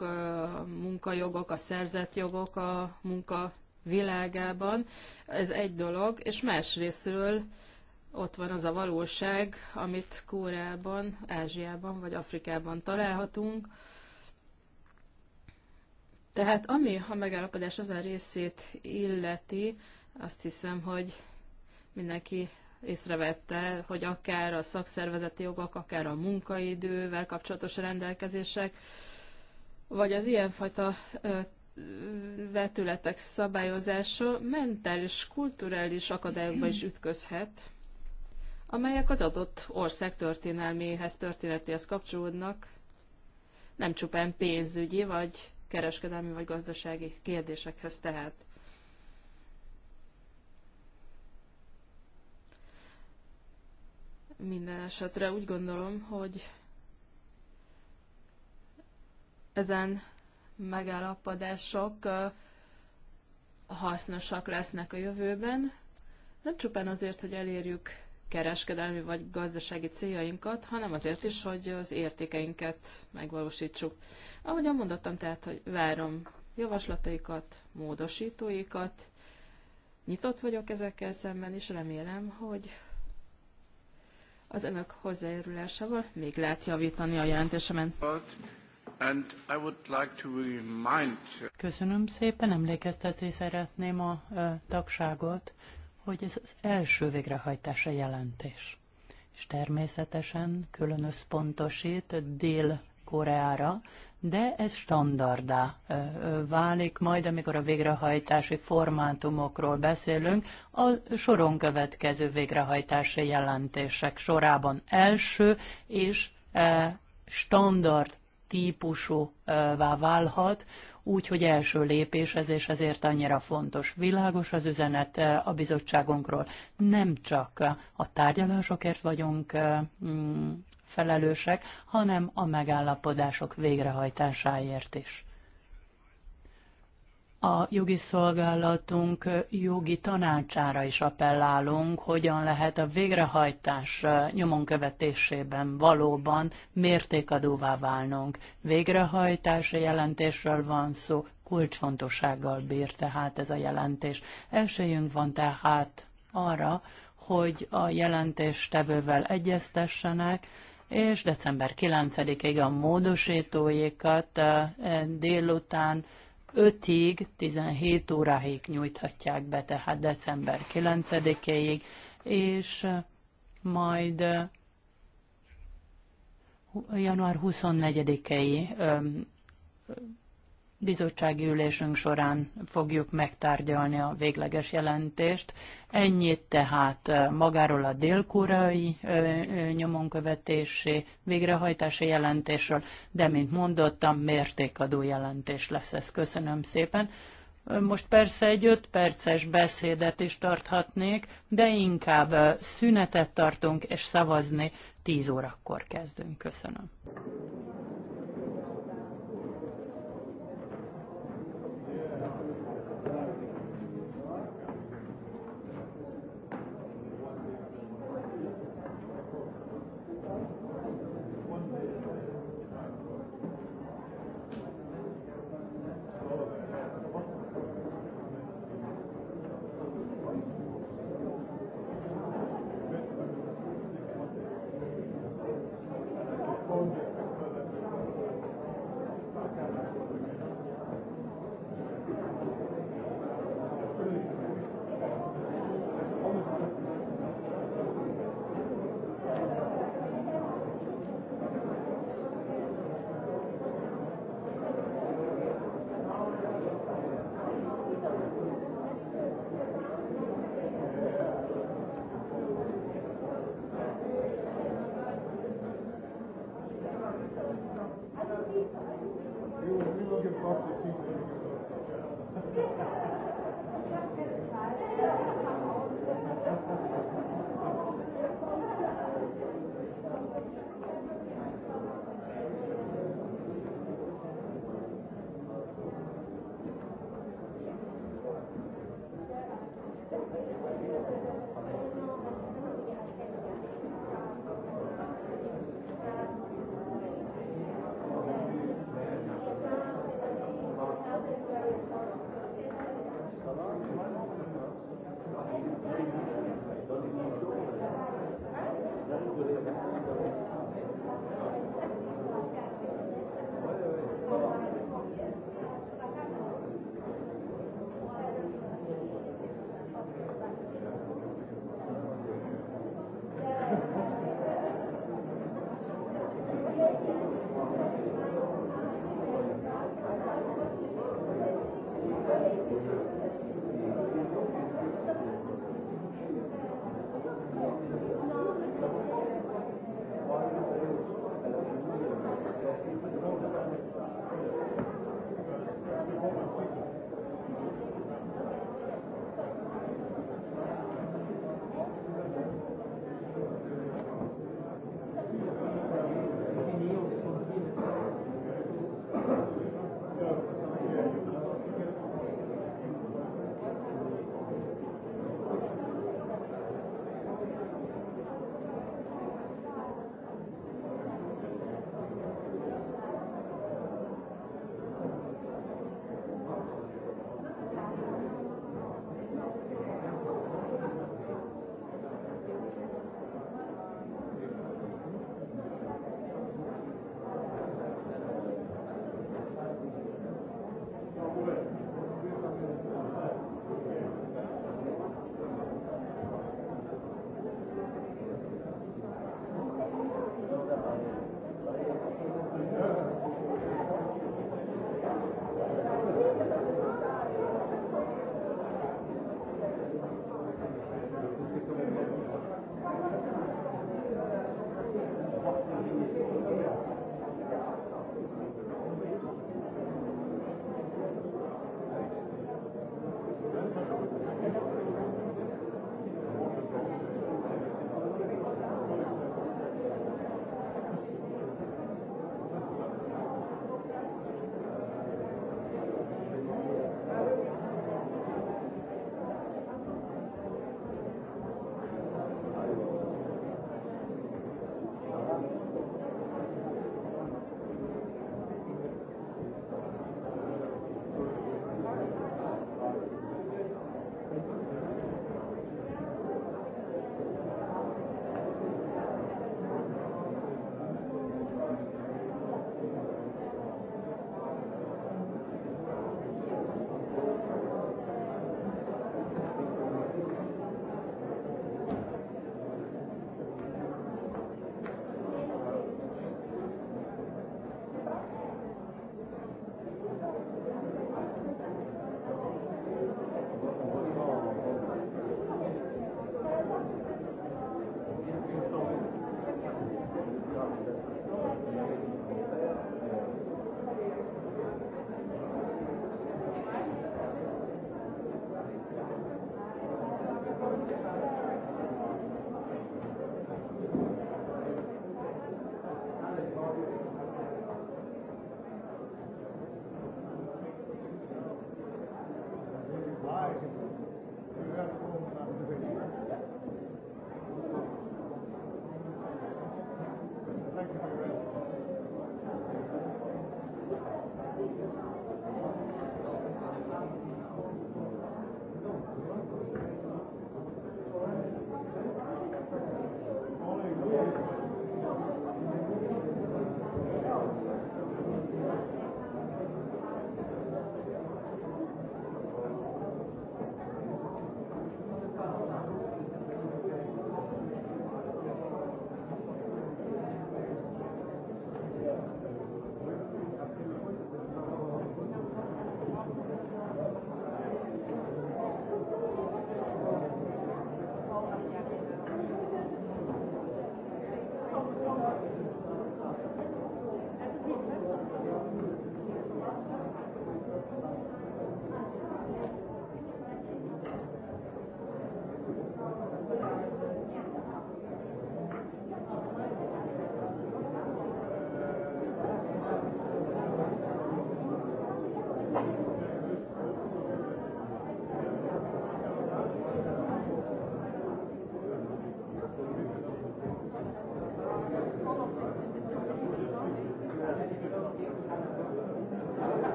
munkajogok, a szerzett jogok a munka világában. Ez egy dolog, és másrésztről ott van az a valóság, amit Kórában, Ázsiában vagy Afrikában találhatunk. Tehát ami a megállapodás a részét illeti, azt hiszem, hogy mindenki észrevette, hogy akár a szakszervezeti jogok, akár a munkaidővel kapcsolatos rendelkezések, vagy az ilyenfajta vetületek szabályozása mentális, kulturális akadályokba is ütközhet, amelyek az adott ország történelméhez, történetéhez kapcsolódnak, nem csupán pénzügyi, vagy kereskedelmi, vagy gazdasági kérdésekhez tehát. Minden esetre úgy gondolom, hogy ezen megállapodások hasznosak lesznek a jövőben, nem csupán azért, hogy elérjük kereskedelmi vagy gazdasági céljainkat, hanem azért is, hogy az értékeinket megvalósítsuk. Ahogyan mondottam, tehát, hogy várom javaslataikat, módosítóikat, nyitott vagyok ezekkel szemben, és remélem, hogy az önök hozzájárulásával még lehet javítani a jelentésemen. Köszönöm szépen, emlékeztetni szeretném a, a tagságot, hogy ez az első végrehajtása jelentés. És természetesen külön összpontosít dél Koreára, de ez standardá válik majd, amikor a végrehajtási formátumokról beszélünk, a soron következő végrehajtási jelentések sorában első és standard típusúvá válhat, úgyhogy első lépés ez, és ezért annyira fontos. Világos az üzenet a bizottságunkról. Nem csak a tárgyalásokért vagyunk mm, felelősek, hanem a megállapodások végrehajtásáért is. A jogi szolgálatunk jogi tanácsára is appellálunk, hogyan lehet a végrehajtás nyomon követésében valóban mértékadóvá válnunk. Végrehajtási jelentésről van szó, kulcsfontossággal bír tehát ez a jelentés. Elsőjünk van tehát arra, hogy a jelentéstevővel egyeztessenek, és december 9-ig a módosítóikat délután 5-ig, 17 óráig nyújthatják be, tehát december 9-ig, és majd január 24-i bizottsági ülésünk során fogjuk megtárgyalni a végleges jelentést. Ennyit tehát magáról a délkórai nyomonkövetési végrehajtási jelentésről, de mint mondottam, mértékadó jelentés lesz ez. Köszönöm szépen. Most persze egy öt perces beszédet is tarthatnék, de inkább szünetet tartunk, és szavazni 10 órakor kezdünk. Köszönöm.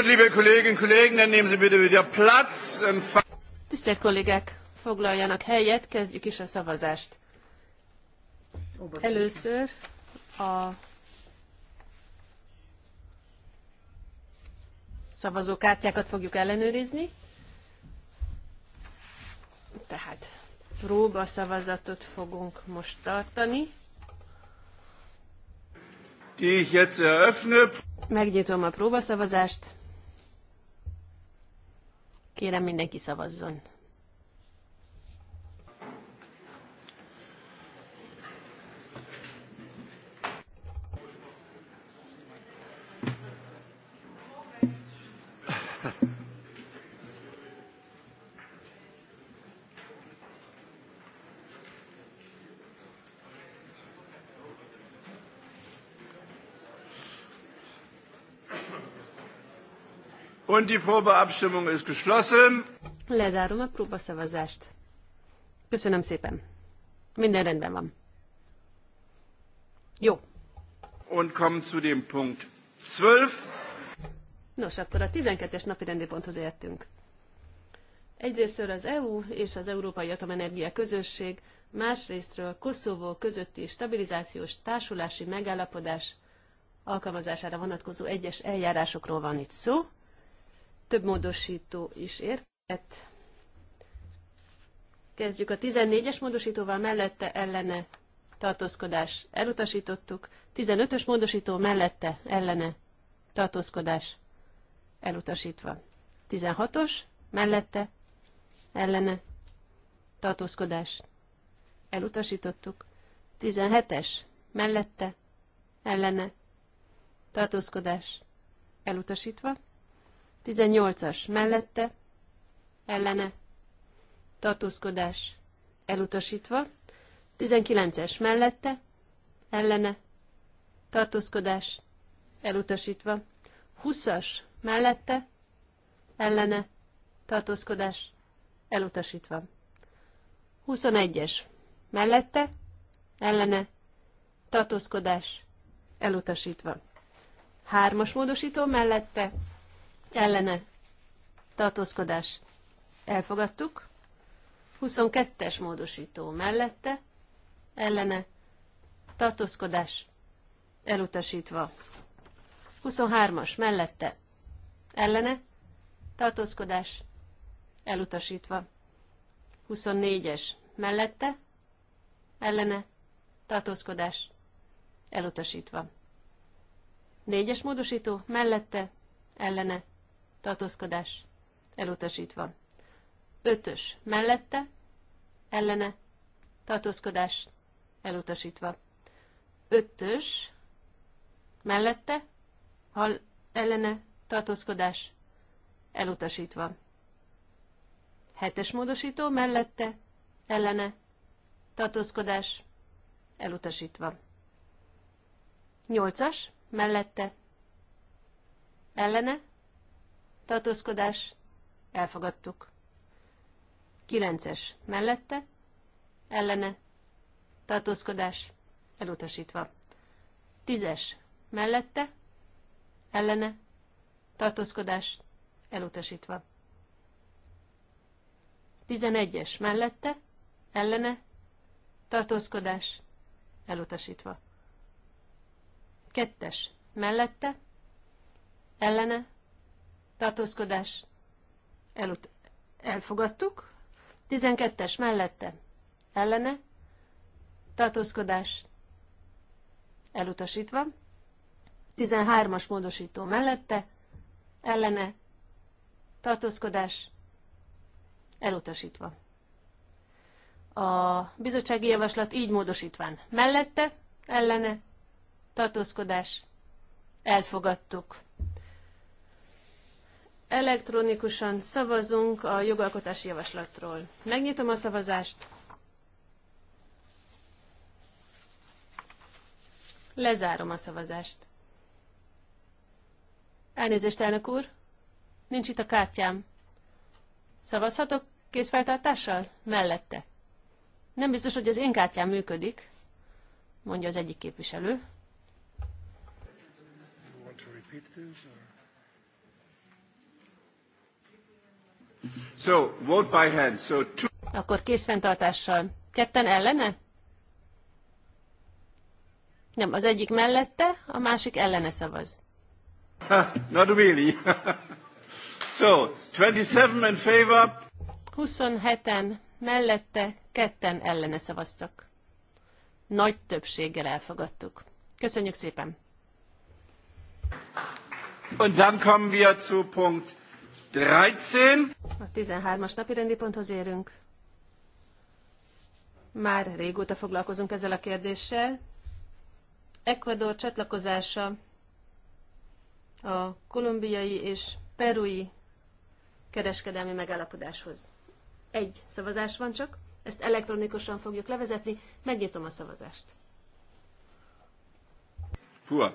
Gut, liebe Kolleginnen und Kollegen, dann nehmen Sie bitte wieder Platz. Tisztelt kollégák, foglaljanak helyet, kezdjük is a szavazást. Először a szavazókártyákat fogjuk ellenőrizni. Tehát próba szavazatot fogunk most tartani. Die ich jetzt eröffne. Megnyitom a próbaszavazást. Kérem mindenki szavazzon. Und die Probeabstimmung ist geschlossen. Lezárom a próbaszavazást. Köszönöm szépen. Minden rendben van. Jó. Und kommen zu dem Punkt 12. Nos, akkor a 12-es napi rendi ponthoz értünk. Egyrésztről az EU és az Európai Atomenergia Közösség, másrésztről Koszovó közötti stabilizációs társulási megállapodás alkalmazására vonatkozó egyes eljárásokról van itt szó több módosító is érkezett. Kezdjük a 14-es módosítóval, mellette ellene tartózkodás elutasítottuk. 15-ös módosító mellette ellene tartózkodás elutasítva. 16-os mellette ellene tartózkodás elutasítottuk. 17-es mellette ellene tartózkodás elutasítva. 18-as mellette, ellene, tartózkodás elutasítva, 19-es mellette, ellene, tartózkodás elutasítva, 20-as mellette, ellene, tartózkodás elutasítva, 21-es mellette, ellene, tartózkodás elutasítva, 3-as módosító mellette, ellene tartózkodás elfogadtuk, 22-es módosító mellette ellene tartózkodás elutasítva, 23-as mellette ellene tartózkodás elutasítva, 24-es mellette ellene tartózkodás elutasítva. Négyes módosító mellette, ellene, tartózkodás elutasítva. Ötös mellette, ellene, tartózkodás elutasítva. Ötös mellette, hal, ellene, tartózkodás elutasítva. Hetes módosító mellette, ellene, tartózkodás elutasítva. Nyolcas mellette, ellene, tartózkodás, elfogadtuk. 9-es mellette, ellene, tartózkodás, elutasítva. 10-es mellette, ellene, tartózkodás, elutasítva. 11-es mellette, ellene, tartózkodás, elutasítva. 2-es mellette, ellene, tartózkodás elut- elfogadtuk. 12-es mellette ellene tartózkodás elutasítva. 13-as módosító mellette ellene tartózkodás elutasítva. A bizottsági javaslat így módosítván mellette ellene tartózkodás elfogadtuk. Elektronikusan szavazunk a jogalkotási javaslatról. Megnyitom a szavazást. Lezárom a szavazást. Elnézést, elnök úr. Nincs itt a kártyám. Szavazhatok készfeltartással? Mellette. Nem biztos, hogy az én kártyám működik, mondja az egyik képviselő. You want to repeat this, or... So, vote by hand. So two... Akkor készfenntartással. Ketten ellene? Nem, az egyik mellette, a másik ellene szavaz. Ha, not really. so, 27 in favor. 27-en mellette, ketten ellene szavaztak. Nagy többséggel elfogadtuk. Köszönjük szépen! Und dann kommen wir zu Punkt 13. A 13-as napi rendi ponthoz érünk. Már régóta foglalkozunk ezzel a kérdéssel. Ecuador csatlakozása a kolumbiai és perui kereskedelmi megállapodáshoz. Egy szavazás van csak, ezt elektronikusan fogjuk levezetni, megnyitom a szavazást. Hua.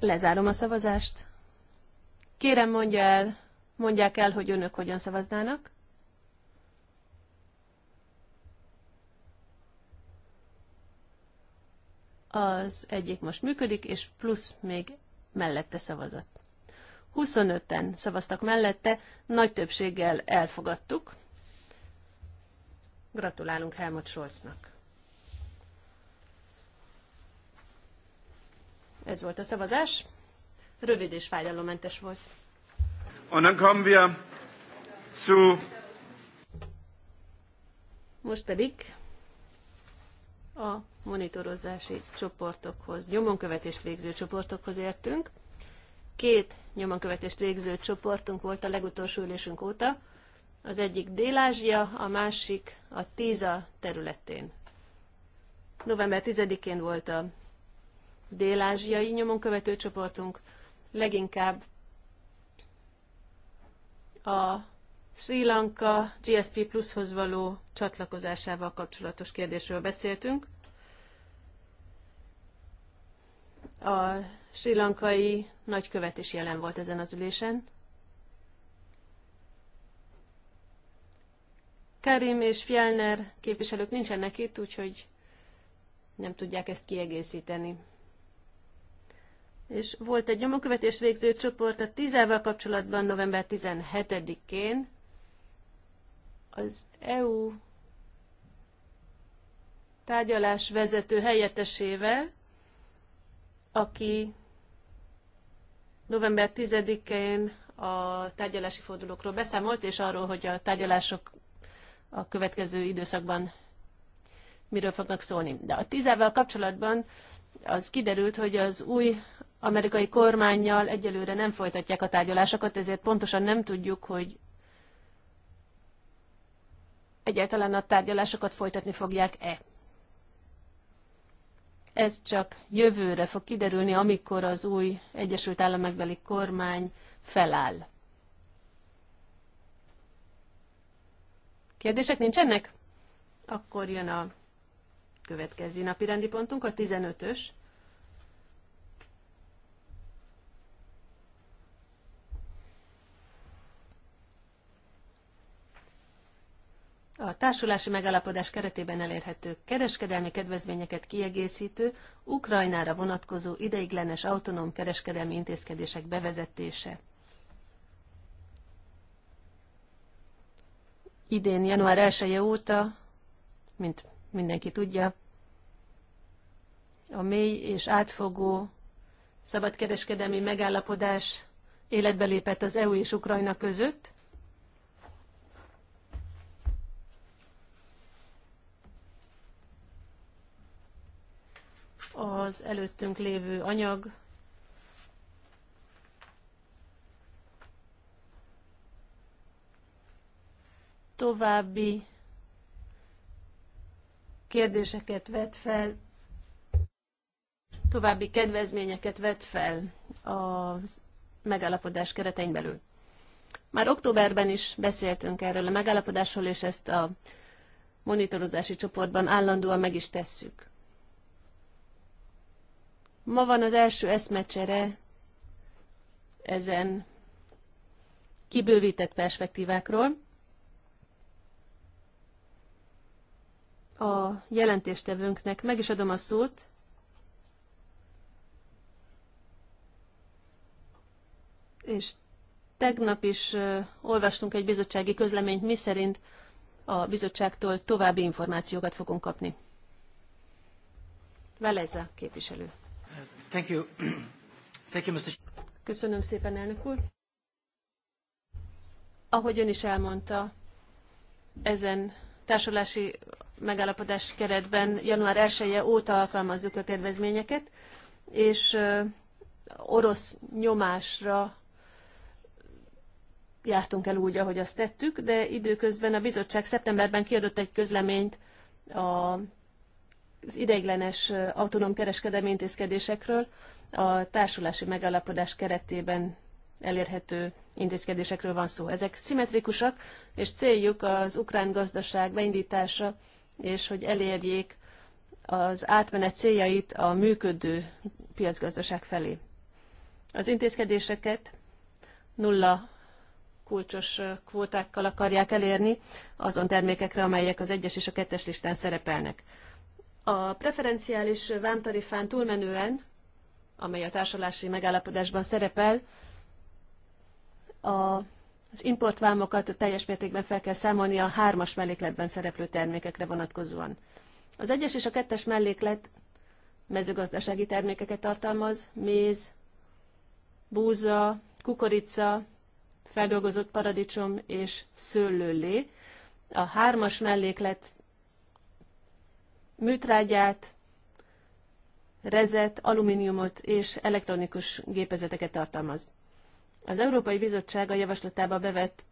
Lezárom a szavazást. Kérem mondja el, mondják el, hogy önök hogyan szavaznának. Az egyik most működik, és plusz még mellette szavazat. 25-en szavaztak mellette, nagy többséggel elfogadtuk. Gratulálunk Helmut Scholznak. Ez volt a szavazás. Rövid és fájdalommentes volt. Onnan kommen wir zu... Most pedig a monitorozási csoportokhoz, nyomonkövetést végző csoportokhoz értünk. Két nyomonkövetést végző csoportunk volt a legutolsó ülésünk óta. Az egyik Dél-Ázsia, a másik a Tíza területén. November 10-én volt a dél-ázsiai nyomon követő csoportunk leginkább a Sri Lanka GSP pluszhoz való csatlakozásával kapcsolatos kérdésről beszéltünk. A Sri Lankai nagykövet is jelen volt ezen az ülésen. Karim és Fjellner képviselők nincsenek itt, úgyhogy nem tudják ezt kiegészíteni és volt egy nyomonkövetés végző csoport a tízával kapcsolatban november 17-én. Az EU tárgyalás vezető helyettesével, aki november 10-én a tárgyalási fordulókról beszámolt, és arról, hogy a tárgyalások a következő időszakban miről fognak szólni. De a tízával kapcsolatban az kiderült, hogy az új amerikai kormányjal egyelőre nem folytatják a tárgyalásokat, ezért pontosan nem tudjuk, hogy egyáltalán a tárgyalásokat folytatni fogják-e. Ez csak jövőre fog kiderülni, amikor az új Egyesült Államokbeli kormány feláll. Kérdések nincsenek? Akkor jön a következő napi rendi pontunk, a 15-ös. a társulási megállapodás keretében elérhető kereskedelmi kedvezményeket kiegészítő, Ukrajnára vonatkozó ideiglenes autonóm kereskedelmi intézkedések bevezetése. Idén január 1 -e óta, mint mindenki tudja, a mély és átfogó szabadkereskedelmi megállapodás életbe lépett az EU és Ukrajna között, az előttünk lévő anyag további kérdéseket vet fel, további kedvezményeket vet fel a megállapodás keretein belül. Már októberben is beszéltünk erről a megállapodásról, és ezt a monitorozási csoportban állandóan meg is tesszük. Ma van az első eszmecsere ezen kibővített perspektívákról. A jelentéstevőnknek meg is adom a szót. És tegnap is olvastunk egy bizottsági közleményt, szerint a bizottságtól további információkat fogunk kapni. Veleza képviselő. Thank you. Thank you, Mr. Köszönöm szépen, elnök úr. Ahogy ön is elmondta, ezen társulási megállapodás keretben január 1 -e óta alkalmazzuk a kedvezményeket, és orosz nyomásra jártunk el úgy, ahogy azt tettük, de időközben a bizottság szeptemberben kiadott egy közleményt a az ideiglenes autonóm kereskedelmi intézkedésekről, a társulási megállapodás keretében elérhető intézkedésekről van szó. Ezek szimmetrikusak, és céljuk az ukrán gazdaság beindítása, és hogy elérjék az átmenet céljait a működő piacgazdaság felé. Az intézkedéseket nulla kulcsos kvótákkal akarják elérni azon termékekre, amelyek az egyes és a kettes listán szerepelnek. A preferenciális vámtarifán túlmenően, amely a társadalási megállapodásban szerepel, a az importvámokat teljes mértékben fel kell számolni a hármas mellékletben szereplő termékekre vonatkozóan. Az egyes és a kettes melléklet mezőgazdasági termékeket tartalmaz, méz, búza, kukorica, feldolgozott paradicsom és szőlőlé. A hármas melléklet műtrágyát, rezet, alumíniumot és elektronikus gépezeteket tartalmaz. Az Európai Bizottság a javaslatába bevett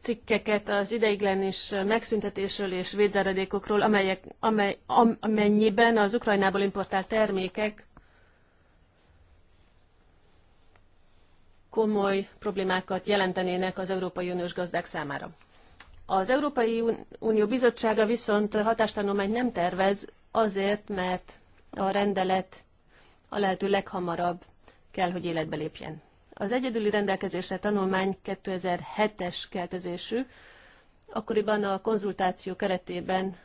cikkeket az ideiglenis megszüntetésről és védzáradékokról, amelyek, amely, am, amennyiben az Ukrajnából importált termékek komoly problémákat jelentenének az Európai Uniós gazdák számára. Az Európai Unió Bizottsága viszont hatástanulmányt nem tervez azért, mert a rendelet a lehető leghamarabb kell, hogy életbe lépjen. Az egyedüli rendelkezésre tanulmány 2007-es keltezésű, akkoriban a konzultáció keretében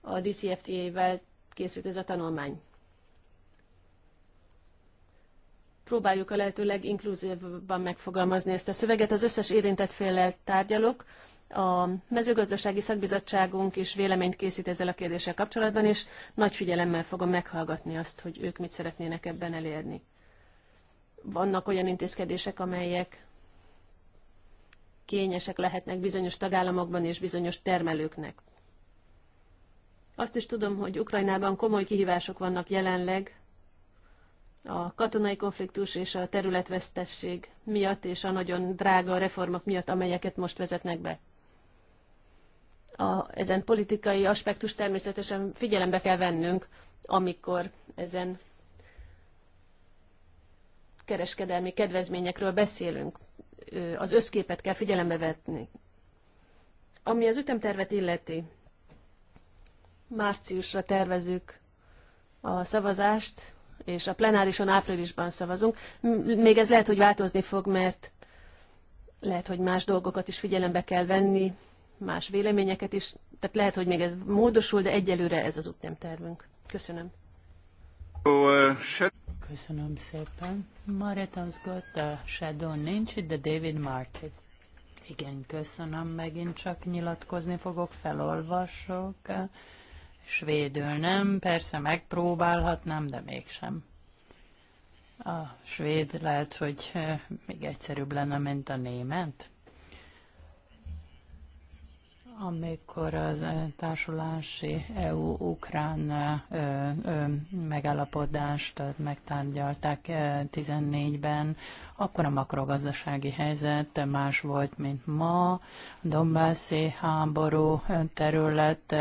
a DCFTA-vel készült ez a tanulmány. próbáljuk a lehető leginkluzívabban megfogalmazni ezt a szöveget. Az összes érintett féllel tárgyalok. A mezőgazdasági szakbizottságunk is véleményt készít ezzel a kérdéssel kapcsolatban, és nagy figyelemmel fogom meghallgatni azt, hogy ők mit szeretnének ebben elérni. Vannak olyan intézkedések, amelyek kényesek lehetnek bizonyos tagállamokban és bizonyos termelőknek. Azt is tudom, hogy Ukrajnában komoly kihívások vannak jelenleg a katonai konfliktus és a területvesztesség miatt, és a nagyon drága reformok miatt, amelyeket most vezetnek be. A, ezen politikai aspektus természetesen figyelembe kell vennünk, amikor ezen kereskedelmi kedvezményekről beszélünk. Az összképet kell figyelembe vetni. Ami az ütemtervet illeti, márciusra tervezük a szavazást, és a plenárison áprilisban szavazunk. Még ez lehet, hogy változni fog, mert lehet, hogy más dolgokat is figyelembe kell venni, más véleményeket is, tehát lehet, hogy még ez módosul, de egyelőre ez az nem tervünk. Köszönöm. Köszönöm szépen. Maretan Scott, a Shadow nincs itt, de David Martin. Igen, köszönöm, megint csak nyilatkozni fogok, felolvasok. Svédül nem, persze megpróbálhatnám, de mégsem. A svéd lehet, hogy eh, még egyszerűbb lenne, mint a német amikor az eh, társulási EU-ukrán eh, eh, megállapodást megtárgyalták 14-ben, akkor a makrogazdasági helyzet más volt, mint ma. Dombászi háború terület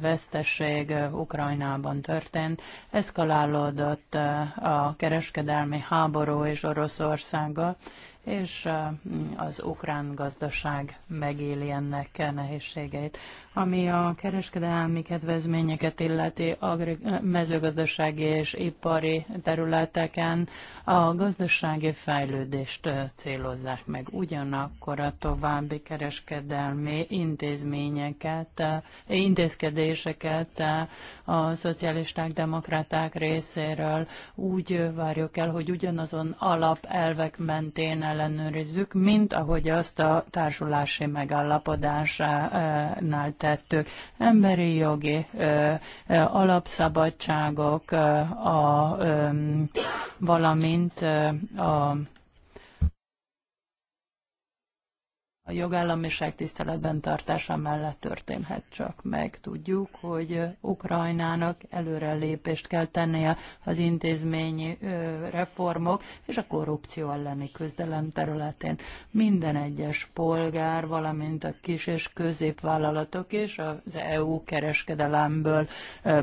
veszteség Ukrajnában történt. Eszkalálódott a kereskedelmi háború és Oroszországgal, és az ukrán gazdaság megéli ennek nehézségeit. Ami a kereskedelmi kedvezményeket illeti a mezőgazdasági és ipari területeken a gazdasági fejlődést célozzák meg. Ugyanakkor a további kereskedelmi intézményeket, intézkedéseket a szocialisták, demokraták részéről úgy várjuk el, hogy ugyanazon alapelvek mentén ellenőrizzük, mint ahogy azt a társulási megállapodásnál tettük. Emberi jogi alapszabadságok, a, valamint a a jogállamiság tiszteletben tartása mellett történhet csak meg. Tudjuk, hogy Ukrajnának előrelépést kell tennie az intézményi reformok és a korrupció elleni küzdelem területén. Minden egyes polgár, valamint a kis és középvállalatok és az EU kereskedelemből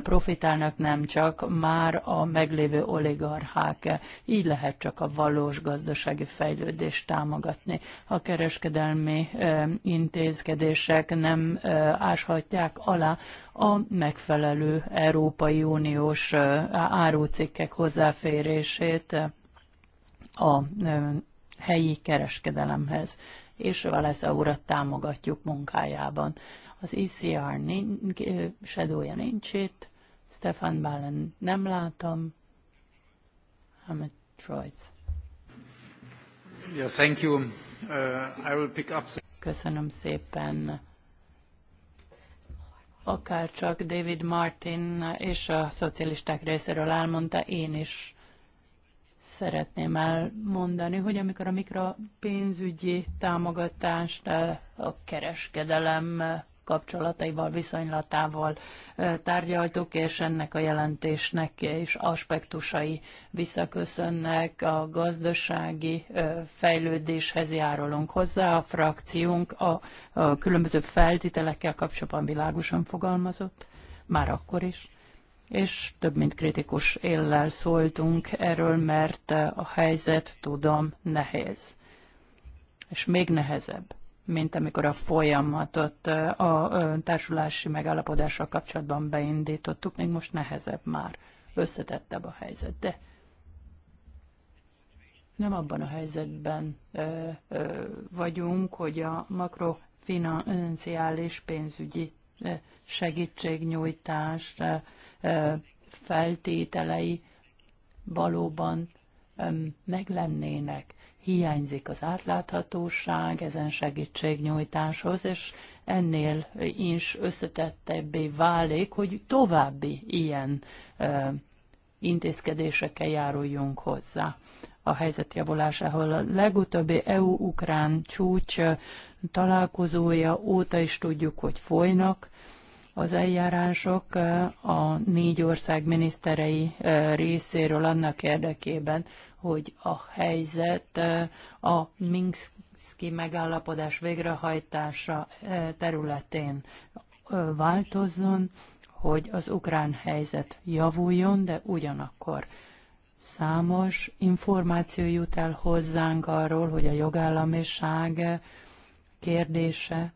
profitálnak nem csak már a meglévő oligarchák. Így lehet csak a valós gazdasági fejlődést támogatni. A kereskedelmi védelmi intézkedések nem áshatják alá a megfelelő Európai Uniós árucikkek hozzáférését a helyi kereskedelemhez, és Valesza urat támogatjuk munkájában. Az ICR e nincs, sedója nincs itt, Stefan Ballen nem látom, Hamid Troyes. Yeah, thank you. Uh, Köszönöm szépen akár csak David Martin és a szocialisták részéről elmondta, én is szeretném elmondani, hogy amikor a mikropénzügyi támogatást eh, a kereskedelem eh, kapcsolataival, viszonylatával tárgyaltuk, és ennek a jelentésnek is aspektusai visszaköszönnek a gazdasági fejlődéshez járulunk hozzá. A frakciónk a, a különböző feltételekkel kapcsolatban világosan fogalmazott, már akkor is és több mint kritikus éllel szóltunk erről, mert a helyzet, tudom, nehéz. És még nehezebb mint amikor a folyamatot a társulási megállapodással kapcsolatban beindítottuk, még most nehezebb már, összetettebb a helyzet, de nem abban a helyzetben ö, ö, vagyunk, hogy a makrofinanciális pénzügyi ö, segítségnyújtás ö, ö, feltételei valóban meglennének hiányzik az átláthatóság ezen segítségnyújtáshoz, és ennél is összetettebbé válik, hogy további ilyen ö, intézkedésekkel járuljunk hozzá a helyzet javulásához. A legutóbbi EU-Ukrán csúcs találkozója óta is tudjuk, hogy folynak az eljárások a négy ország miniszterei részéről annak érdekében, hogy a helyzet eh, a Minszki megállapodás végrehajtása eh, területén eh, változzon, hogy az ukrán helyzet javuljon, de ugyanakkor számos információ jut el hozzánk arról, hogy a jogállamiság kérdése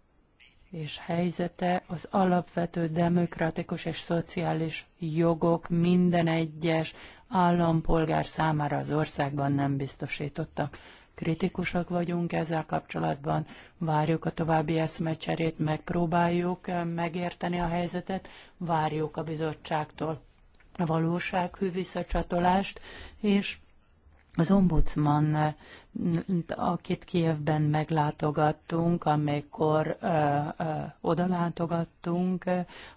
és helyzete az alapvető demokratikus és szociális jogok minden egyes állampolgár számára az országban nem biztosítottak. Kritikusak vagyunk ezzel kapcsolatban, várjuk a további eszmecserét, megpróbáljuk eh, megérteni a helyzetet, várjuk a bizottságtól a valósághű visszacsatolást, és az ombudsman eh, akit Kievben meglátogattunk, amikor ö, ö, odalátogattunk,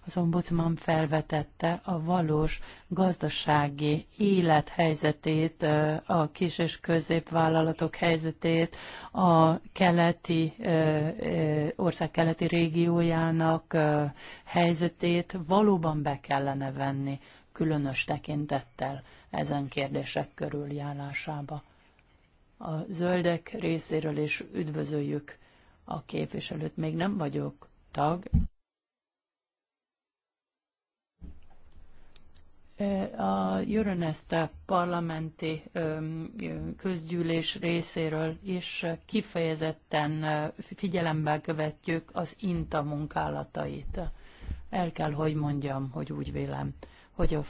az ombudsman felvetette a valós gazdasági élethelyzetét, a kis és középvállalatok helyzetét, a keleti, ö, ország keleti régiójának ö, helyzetét valóban be kellene venni különös tekintettel ezen kérdések körüljárásába. A zöldek részéről is üdvözöljük a képviselőt. Még nem vagyok tag. A Euronest parlamenti közgyűlés részéről is kifejezetten figyelembe követjük az INTA munkálatait. El kell, hogy mondjam, hogy úgy vélem, hogy a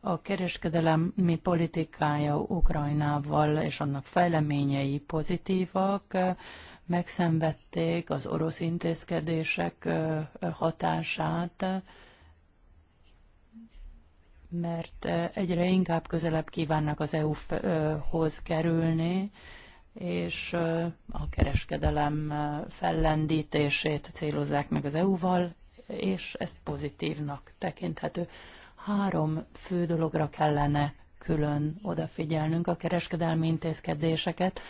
a kereskedelemi politikája Ukrajnával és annak fejleményei pozitívak, megszenvedték az orosz intézkedések hatását, mert egyre inkább közelebb kívánnak az EU-hoz kerülni, és a kereskedelem fellendítését célozzák meg az EU-val, és ezt pozitívnak tekinthető három fő dologra kellene külön odafigyelnünk a kereskedelmi intézkedéseket.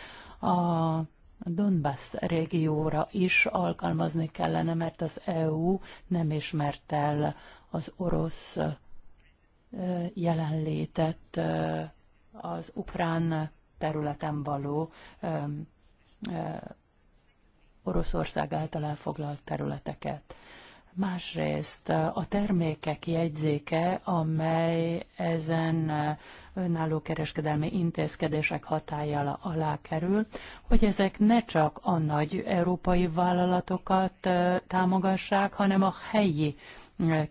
A Donbass régióra is alkalmazni kellene, mert az EU nem ismert el az orosz jelenlétet az ukrán területen való Oroszország által elfoglalt területeket. Másrészt a termékek jegyzéke, amely ezen önálló kereskedelmi intézkedések hatája alá kerül, hogy ezek ne csak a nagy európai vállalatokat támogassák, hanem a helyi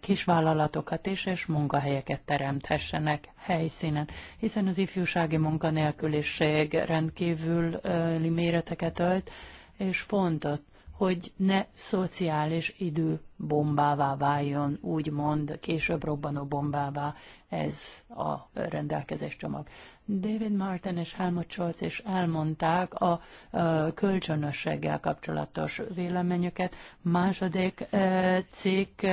kisvállalatokat is, és munkahelyeket teremthessenek helyszínen, hiszen az ifjúsági munkanélküliség rendkívül méreteket ölt, és fontos hogy ne szociális idő bombává váljon, úgymond később robbanó bombává ez a rendelkezés csomag. David Martin és Helmut Scholz is elmondták a, a kölcsönösséggel kapcsolatos véleményüket. Második cikk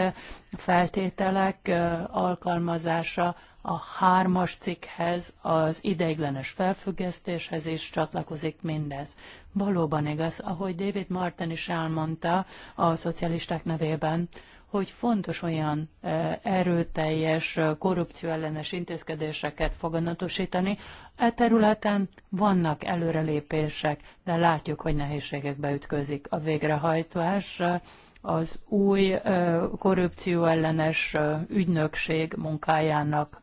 feltételek alkalmazása a hármas cikkhez, az ideiglenes felfüggesztéshez is csatlakozik mindez. Valóban igaz, ahogy David Martin is elmondta a szocialisták nevében, hogy fontos olyan e, erőteljes e, korrupcióellenes intézkedéseket foganatosítani. E területen vannak előrelépések, de látjuk, hogy nehézségekbe ütközik a végrehajtás az új korrupcióellenes ügynökség munkájának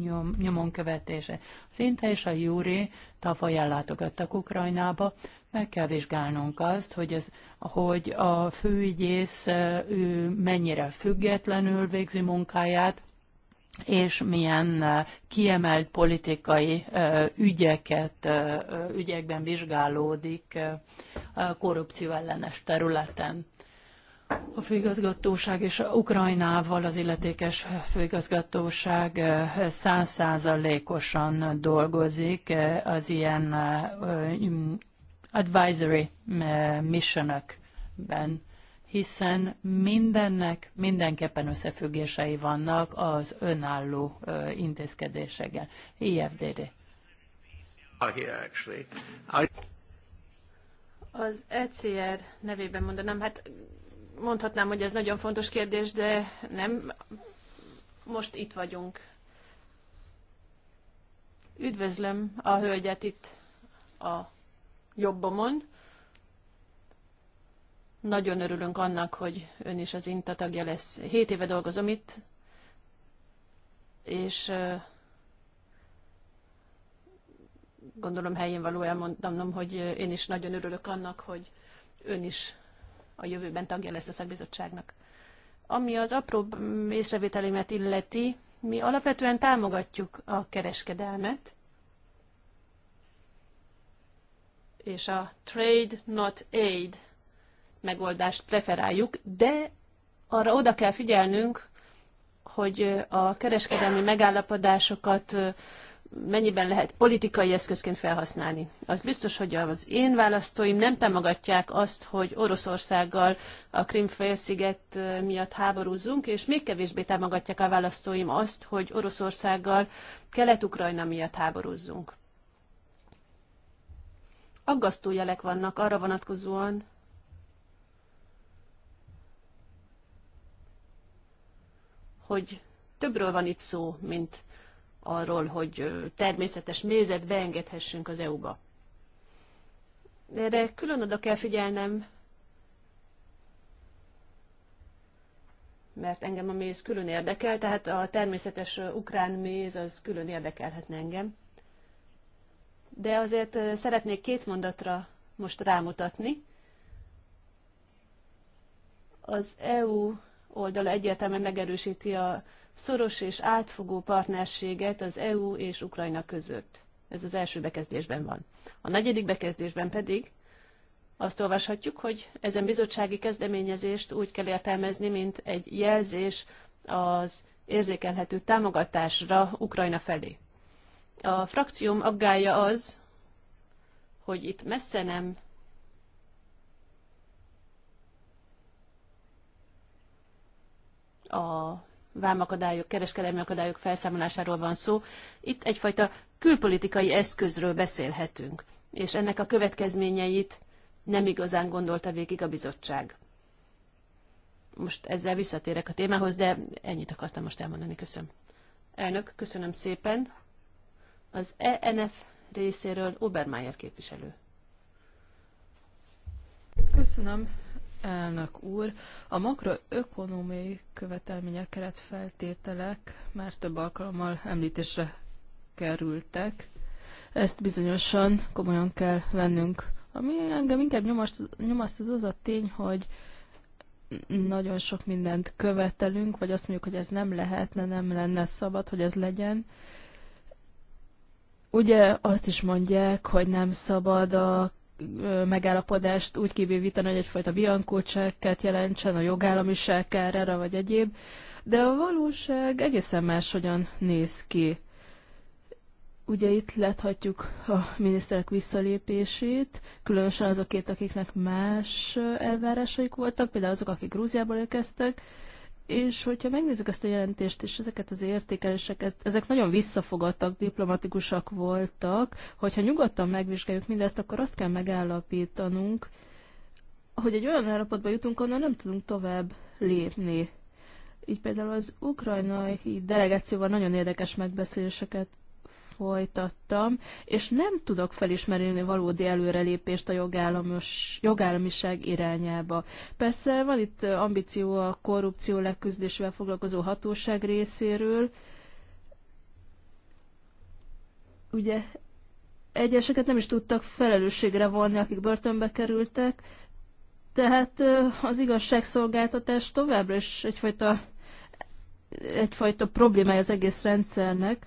nyom, nyomon követése. Az Inta és a Júri tavaly ellátogattak Ukrajnába, meg kell vizsgálnunk azt, hogy, ez, hogy a főügyész ő mennyire függetlenül végzi munkáját, és milyen kiemelt politikai ügyeket, ügyekben vizsgálódik a korrupció ellenes területen. A főigazgatóság és Ukrajnával az illetékes főigazgatóság százszázalékosan dolgozik az ilyen advisory missionökben hiszen mindennek mindenképpen összefüggései vannak az önálló intézkedésekkel. IFDD. Az ECR nevében mondanám, hát mondhatnám, hogy ez nagyon fontos kérdés, de nem, most itt vagyunk. Üdvözlöm a hölgyet itt a jobbomon. Nagyon örülünk annak, hogy ön is az INTA tagja lesz. Hét éve dolgozom itt, és gondolom helyén való elmondanom, hogy én is nagyon örülök annak, hogy ön is a jövőben tagja lesz a szakbizottságnak. Ami az apró észrevételémet illeti, mi alapvetően támogatjuk a kereskedelmet, és a trade, not aid megoldást preferáljuk, de arra oda kell figyelnünk, hogy a kereskedelmi megállapodásokat mennyiben lehet politikai eszközként felhasználni. Az biztos, hogy az én választóim nem támogatják azt, hogy Oroszországgal a Krimfélsziget miatt háborúzzunk, és még kevésbé támogatják a választóim azt, hogy Oroszországgal Kelet-Ukrajna miatt háborúzzunk. Aggasztó jelek vannak arra vonatkozóan, hogy többről van itt szó, mint arról, hogy természetes mézet beengedhessünk az EU-ba. Erre külön oda kell figyelnem, mert engem a méz külön érdekel, tehát a természetes ukrán méz az külön érdekelhetne engem. De azért szeretnék két mondatra most rámutatni. Az EU oldala egyértelműen megerősíti a szoros és átfogó partnerséget az EU és Ukrajna között. Ez az első bekezdésben van. A negyedik bekezdésben pedig azt olvashatjuk, hogy ezen bizottsági kezdeményezést úgy kell értelmezni, mint egy jelzés az érzékelhető támogatásra Ukrajna felé. A frakcióm aggája az, hogy itt messze nem a vámakadályok, kereskedelmi akadályok felszámolásáról van szó. Itt egyfajta külpolitikai eszközről beszélhetünk, és ennek a következményeit nem igazán gondolta végig a bizottság. Most ezzel visszatérek a témához, de ennyit akartam most elmondani. Köszönöm. Elnök, köszönöm szépen. Az ENF részéről Obermeier képviselő. Köszönöm, elnök úr. A makroökonomiai követelmények, keretfeltételek már több alkalommal említésre kerültek. Ezt bizonyosan komolyan kell vennünk. Ami engem inkább nyomaszt, nyomaszt az az a tény, hogy nagyon sok mindent követelünk, vagy azt mondjuk, hogy ez nem lehetne, nem lenne szabad, hogy ez legyen. Ugye azt is mondják, hogy nem szabad a megállapodást úgy kibővíteni, hogy egyfajta biankócsákket jelentsen a jogállamiság kárára vagy egyéb, de a valóság egészen máshogyan néz ki. Ugye itt láthatjuk a miniszterek visszalépését, különösen azokét, akiknek más elvárásaik voltak, például azok, akik Grúziából érkeztek, és hogyha megnézzük ezt a jelentést és ezeket az értékeléseket, ezek nagyon visszafogadtak, diplomatikusak voltak. Hogyha nyugodtan megvizsgáljuk mindezt, akkor azt kell megállapítanunk, hogy egy olyan állapotba jutunk, onnan nem tudunk tovább lépni. Így például az ukrajnai delegációval nagyon érdekes megbeszéléseket folytattam, és nem tudok felismerni valódi előrelépést a jogállamos, jogállamiság irányába. Persze van itt ambíció a korrupció leküzdésével foglalkozó hatóság részéről, ugye egyeseket nem is tudtak felelősségre vonni, akik börtönbe kerültek, tehát az igazságszolgáltatás továbbra is egyfajta, egyfajta problémája az egész rendszernek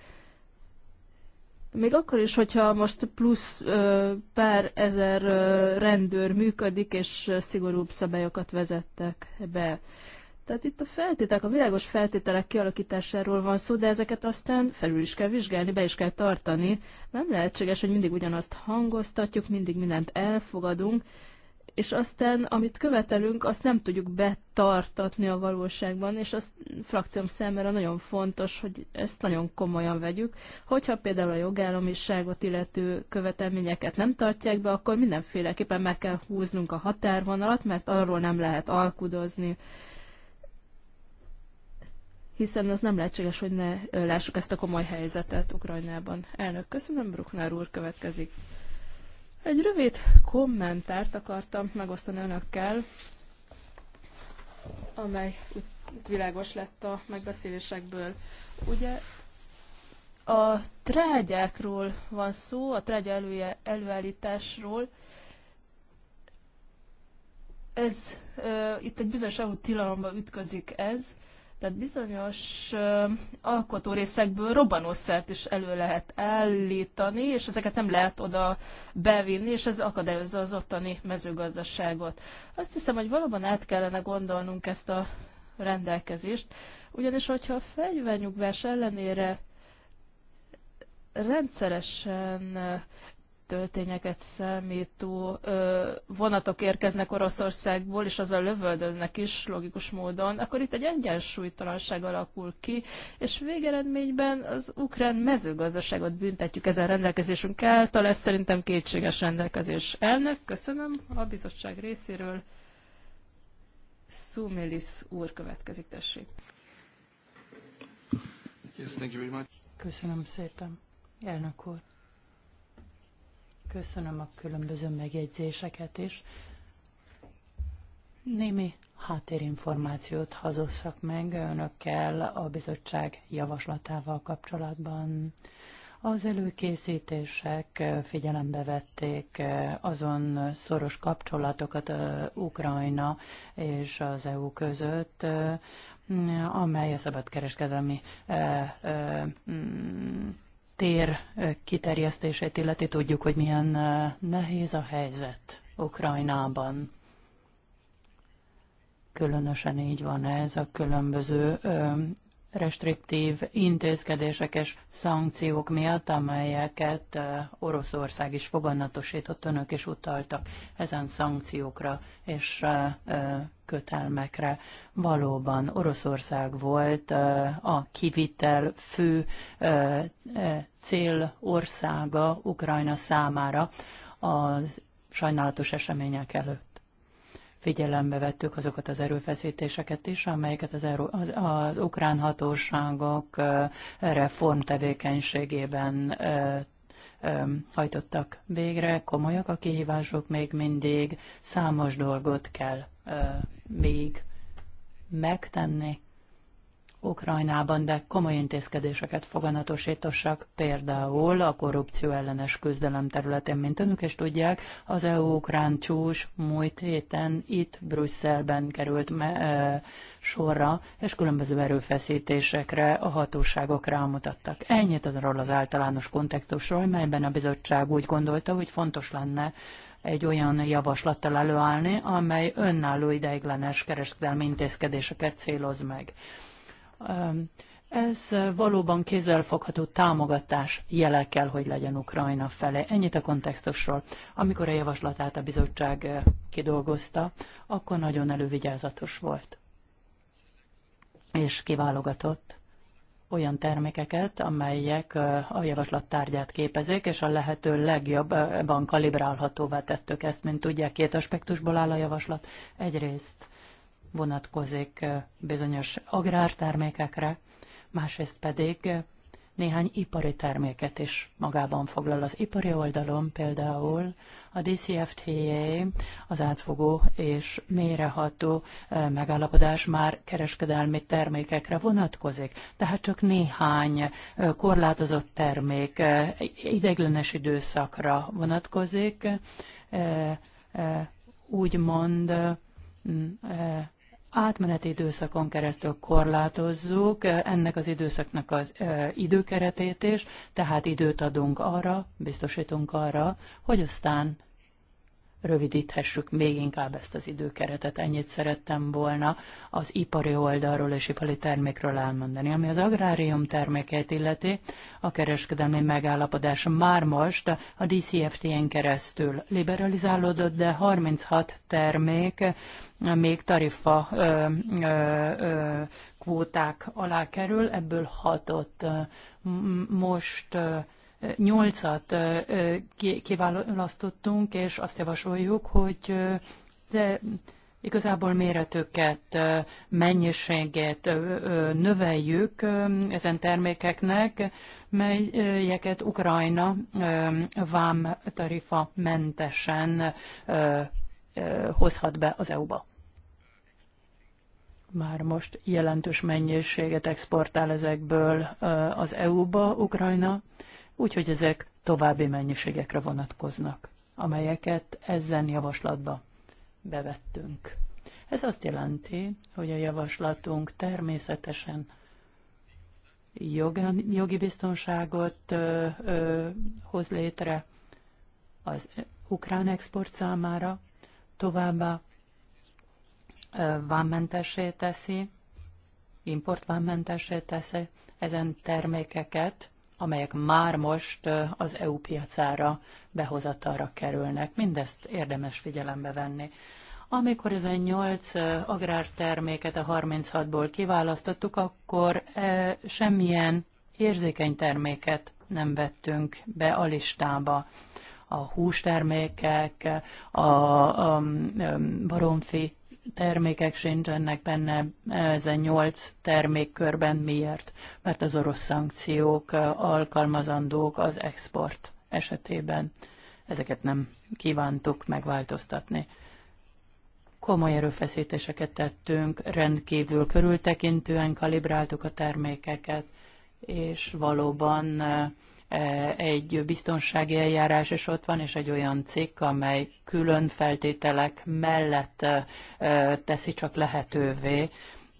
még akkor is, hogyha most plusz pár ezer rendőr működik, és szigorúbb szabályokat vezettek be. Tehát itt a feltételek, a világos feltételek kialakításáról van szó, de ezeket aztán felül is kell vizsgálni, be is kell tartani. Nem lehetséges, hogy mindig ugyanazt hangoztatjuk, mindig mindent elfogadunk, és aztán, amit követelünk, azt nem tudjuk betartatni a valóságban, és azt frakcióm számára nagyon fontos, hogy ezt nagyon komolyan vegyük. Hogyha például a jogállamiságot illető követelményeket nem tartják be, akkor mindenféleképpen meg kell húznunk a határvonalat, mert arról nem lehet alkudozni hiszen az nem lehetséges, hogy ne lássuk ezt a komoly helyzetet Ukrajnában. Elnök, köszönöm, Bruckner úr következik. Egy rövid kommentárt akartam megosztani önökkel, amely világos lett a megbeszélésekből. Ugye a trágyákról van szó, a trágya elője, előállításról. Ez, e, itt egy bizonyos EU tilalomba ütközik ez, tehát bizonyos alkotórészekből robbanószert is elő lehet állítani, és ezeket nem lehet oda bevinni, és ez akadályozza az ottani mezőgazdaságot. Azt hiszem, hogy valóban át kellene gondolnunk ezt a rendelkezést, ugyanis hogyha a fegyvernyugvás ellenére rendszeresen töltényeket számító ö, vonatok érkeznek Oroszországból, és azzal lövöldöznek is logikus módon, akkor itt egy egyensúlytalanság alakul ki, és végeredményben az ukrán mezőgazdaságot büntetjük ezen rendelkezésünk által, ez szerintem kétséges rendelkezés. Elnök, köszönöm a bizottság részéről. Szumilis úr következik, tessék. Yes, thank you very much. Köszönöm szépen, elnök úr. Köszönöm a különböző megjegyzéseket is. Némi háttérinformációt hazossak meg önökkel a bizottság javaslatával kapcsolatban. Az előkészítések figyelembe vették azon szoros kapcsolatokat Ukrajna és az EU között, amely a szabadkereskedelmi tér kiterjesztését illeti tudjuk, hogy milyen nehéz a helyzet Ukrajnában. Különösen így van ez a különböző restriktív intézkedések és szankciók miatt, amelyeket Oroszország is foganatosított, önök is utaltak ezen szankciókra és kötelmekre. Valóban Oroszország volt a kivitel fő célországa Ukrajna számára a sajnálatos események előtt. Figyelembe vettük azokat az erőfeszítéseket is, amelyeket az, erő, az, az ukrán hatóságok reform tevékenységében hajtottak végre, komolyak a kihívások még mindig, számos dolgot kell még megtenni Ukrajnában, de komoly intézkedéseket foganatosítossak, például a korrupció ellenes küzdelem területén, mint önök is tudják, az EU-ukrán csúcs múlt héten itt Brüsszelben került me- e, sorra, és különböző erőfeszítésekre a hatóságok rámutattak. Ennyit arról az általános kontextusról, melyben a bizottság úgy gondolta, hogy fontos lenne egy olyan javaslattal előállni, amely önálló ideiglenes kereskedelmi intézkedéseket céloz meg. Ez valóban kézzelfogható támogatás jele kell, hogy legyen Ukrajna felé. Ennyit a kontextusról. Amikor a javaslatát a bizottság kidolgozta, akkor nagyon elővigyázatos volt és kiválogatott olyan termékeket, amelyek a javaslat tárgyát képezik, és a lehető legjobban kalibrálhatóvá tettük ezt, mint tudják, két aspektusból áll a javaslat. Egyrészt vonatkozik bizonyos agrártermékekre, másrészt pedig néhány ipari terméket is magában foglal. Az ipari oldalon például a DCFTA, az átfogó és méreható eh, megállapodás már kereskedelmi termékekre vonatkozik, tehát csak néhány eh, korlátozott termék eh, ideiglenes időszakra vonatkozik, úgymond mm, átmeneti időszakon keresztül korlátozzuk ennek az időszaknak az időkeretét is, tehát időt adunk arra, biztosítunk arra, hogy aztán rövidíthessük még inkább ezt az időkeretet. Ennyit szerettem volna az ipari oldalról és ipari termékről elmondani. Ami az agrárium termékeit illeti, a kereskedelmi megállapodás már most a DCFT-en keresztül liberalizálódott, de 36 termék még tarifa ö, ö, ö, kvóták alá kerül, ebből hatot most nyolcat kiválasztottunk, és azt javasoljuk, hogy de igazából méretüket, mennyiséget növeljük ezen termékeknek, melyeket Ukrajna vám tarifa mentesen hozhat be az EU-ba. Már most jelentős mennyiséget exportál ezekből az EU-ba Ukrajna, úgyhogy ezek további mennyiségekre vonatkoznak, amelyeket ezen javaslatba bevettünk. Ez azt jelenti, hogy a javaslatunk természetesen jogi, biztonságot ö, ö, hoz létre az ukrán export számára, továbbá vámmentessé teszi, importvámmentessé teszi ezen termékeket, amelyek már most az EU piacára behozatalra kerülnek. Mindezt érdemes figyelembe venni. Amikor ez a 8 agrárterméket a 36-ból kiválasztottuk, akkor semmilyen érzékeny terméket nem vettünk be a listába. A hústermékek, a, a baromfi termékek sincsenek benne ezen nyolc termékkörben. Miért? Mert az orosz szankciók alkalmazandók az export esetében. Ezeket nem kívántuk megváltoztatni. Komoly erőfeszítéseket tettünk, rendkívül körültekintően kalibráltuk a termékeket, és valóban Eh, egy biztonsági eljárás is ott van, és egy olyan cikk, amely külön feltételek mellett eh, teszi csak lehetővé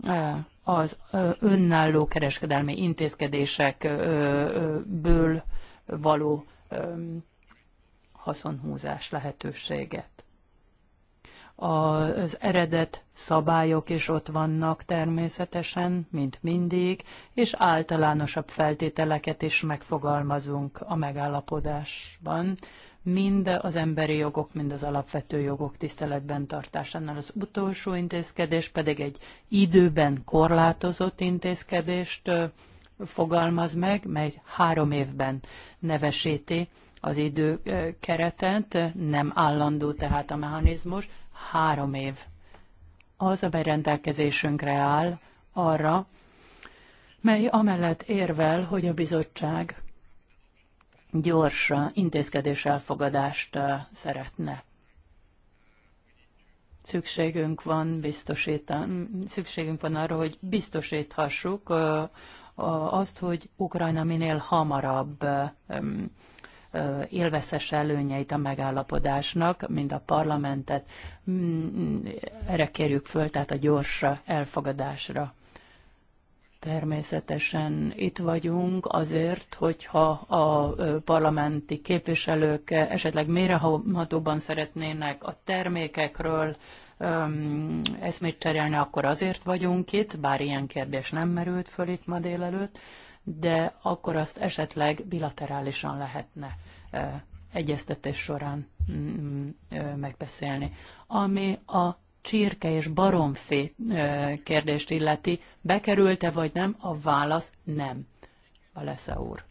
eh, az önálló kereskedelmi intézkedésekből való haszonhúzás lehetőséget az eredet szabályok is ott vannak természetesen, mint mindig, és általánosabb feltételeket is megfogalmazunk a megállapodásban, mind az emberi jogok, mind az alapvető jogok tiszteletben tartásánál. Az utolsó intézkedés pedig egy időben korlátozott intézkedést fogalmaz meg, mely három évben nevesíti az időkeretet, nem állandó tehát a mechanizmus, három év az, a berendelkezésünkre áll arra, mely amellett érvel, hogy a bizottság gyors intézkedés elfogadást szeretne. Szükségünk van, szükségünk van arra, hogy biztosíthassuk azt, hogy Ukrajna minél hamarabb élvezhesse előnyeit a megállapodásnak, mind a parlamentet. Mm, mm, erre kérjük föl, tehát a gyors elfogadásra. Természetesen itt vagyunk azért, hogyha a parlamenti képviselők esetleg mérehatóban szeretnének a termékekről eszmét cserélni, akkor azért vagyunk itt, bár ilyen kérdés nem merült föl itt ma délelőtt de akkor azt esetleg bilaterálisan lehetne egyeztetés során mm, megbeszélni. Ami a csirke és baromfé kérdést illeti, bekerült-e vagy nem, a válasz nem. Valesza úr.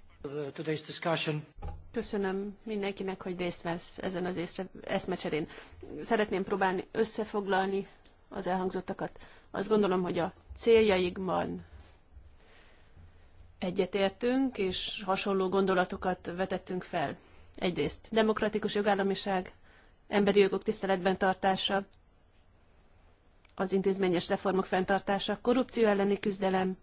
Köszönöm mindenkinek, hogy részt vesz ezen az észre, eszmecserén. Szeretném próbálni összefoglalni az elhangzottakat. Azt gondolom, hogy a céljaikban egyetértünk, és hasonló gondolatokat vetettünk fel. Egyrészt demokratikus jogállamiság, emberi jogok tiszteletben tartása, az intézményes reformok fenntartása, korrupció elleni küzdelem.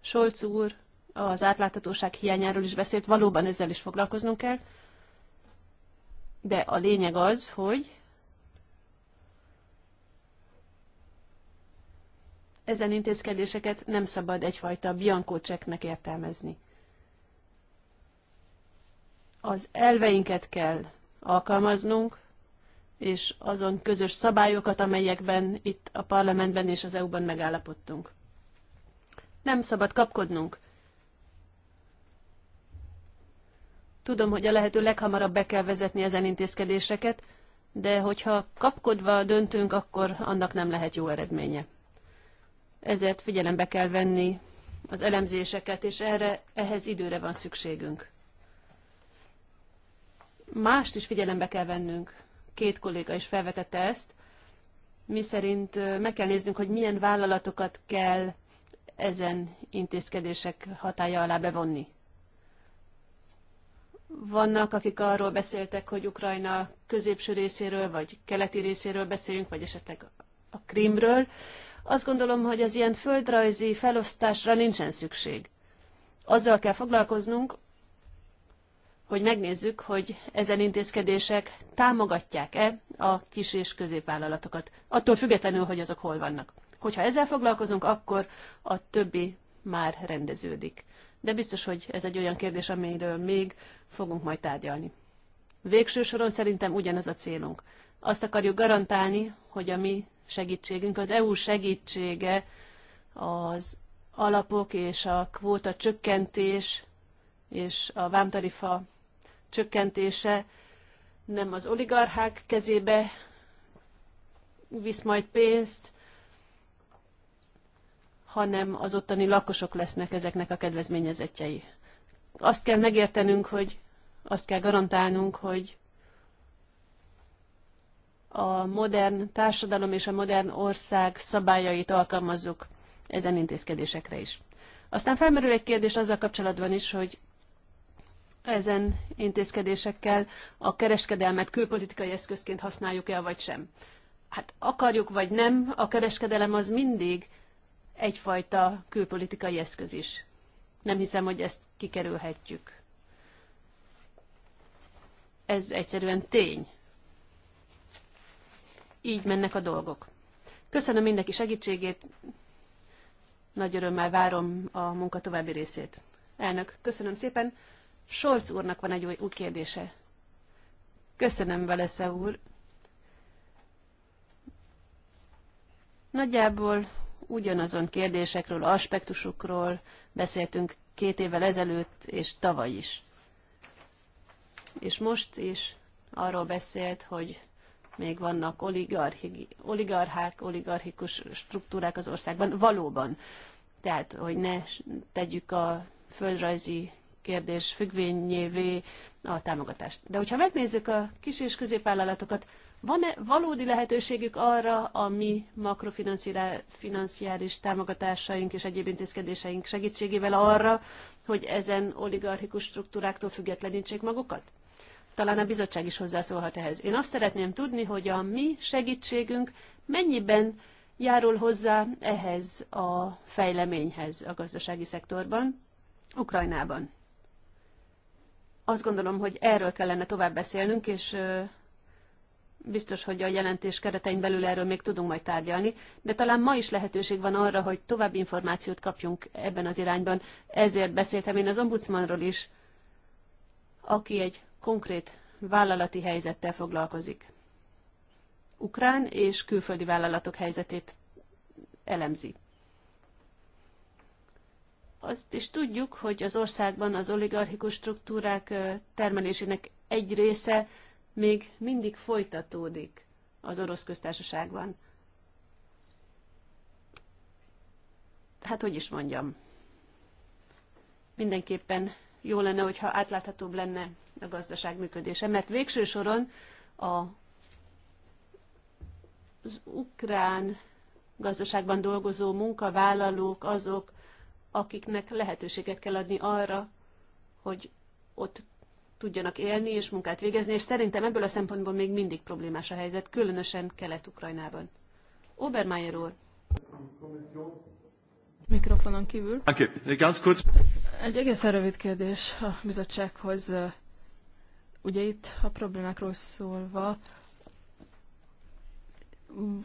Solc úr az átláthatóság hiányáról is beszélt, valóban ezzel is foglalkoznunk kell, de a lényeg az, hogy ezen intézkedéseket nem szabad egyfajta biankó cseknek értelmezni. Az elveinket kell alkalmaznunk, és azon közös szabályokat, amelyekben itt a parlamentben és az EU-ban megállapodtunk. Nem szabad kapkodnunk. Tudom, hogy a lehető leghamarabb be kell vezetni ezen intézkedéseket, de hogyha kapkodva döntünk, akkor annak nem lehet jó eredménye ezért figyelembe kell venni az elemzéseket, és erre, ehhez időre van szükségünk. Mást is figyelembe kell vennünk. Két kolléga is felvetette ezt. Mi szerint meg kell néznünk, hogy milyen vállalatokat kell ezen intézkedések hatája alá bevonni. Vannak, akik arról beszéltek, hogy Ukrajna középső részéről, vagy keleti részéről beszéljünk, vagy esetleg a Krimről. Azt gondolom, hogy az ilyen földrajzi felosztásra nincsen szükség. Azzal kell foglalkoznunk, hogy megnézzük, hogy ezen intézkedések támogatják-e a kis és középvállalatokat, attól függetlenül, hogy azok hol vannak. Hogyha ezzel foglalkozunk, akkor a többi már rendeződik. De biztos, hogy ez egy olyan kérdés, amiről még fogunk majd tárgyalni. Végső soron szerintem ugyanaz a célunk. Azt akarjuk garantálni, hogy a mi segítségünk, az EU segítsége az alapok és a kvóta csökkentés és a vámtarifa csökkentése nem az oligarchák kezébe visz majd pénzt, hanem az ottani lakosok lesznek ezeknek a kedvezményezetjei. Azt kell megértenünk, hogy azt kell garantálnunk, hogy a modern társadalom és a modern ország szabályait alkalmazzuk ezen intézkedésekre is. Aztán felmerül egy kérdés azzal kapcsolatban is, hogy ezen intézkedésekkel a kereskedelmet külpolitikai eszközként használjuk e vagy sem. Hát akarjuk, vagy nem, a kereskedelem az mindig egyfajta külpolitikai eszköz is. Nem hiszem, hogy ezt kikerülhetjük. Ez egyszerűen tény így mennek a dolgok. Köszönöm mindenki segítségét, nagy örömmel várom a munka további részét. Elnök, köszönöm szépen. Solc úrnak van egy új, új kérdése. Köszönöm, Velesze úr. Nagyjából ugyanazon kérdésekről, aspektusukról beszéltünk két évvel ezelőtt és tavaly is. És most is arról beszélt, hogy még vannak oligarchi, oligarchák, oligarchikus struktúrák az országban, valóban. Tehát, hogy ne tegyük a földrajzi kérdés függvényévé a támogatást. De hogyha megnézzük a kis és középvállalatokat, van-e valódi lehetőségük arra a mi makrofinanciális támogatásaink és egyéb intézkedéseink segítségével arra, hogy ezen oligarchikus struktúráktól függetlenítsék magukat? Talán a bizottság is hozzászólhat ehhez. Én azt szeretném tudni, hogy a mi segítségünk mennyiben járul hozzá ehhez a fejleményhez a gazdasági szektorban, Ukrajnában. Azt gondolom, hogy erről kellene tovább beszélnünk, és biztos, hogy a jelentés keretein belül erről még tudunk majd tárgyalni, de talán ma is lehetőség van arra, hogy további információt kapjunk ebben az irányban. Ezért beszéltem én az ombudsmanról is, aki egy konkrét vállalati helyzettel foglalkozik. Ukrán és külföldi vállalatok helyzetét elemzi. Azt is tudjuk, hogy az országban az oligarchikus struktúrák termelésének egy része még mindig folytatódik az orosz köztársaságban. Hát hogy is mondjam? Mindenképpen jó lenne, hogyha átláthatóbb lenne a gazdaság működése, mert végső soron a, az ukrán gazdaságban dolgozó munkavállalók azok, akiknek lehetőséget kell adni arra, hogy ott tudjanak élni és munkát végezni, és szerintem ebből a szempontból még mindig problémás a helyzet, különösen Kelet-Ukrajnában. Obermeier úr! Mikrofonon kívül. Egy egészen rövid kérdés a bizottsághoz. Ugye itt a problémákról szólva,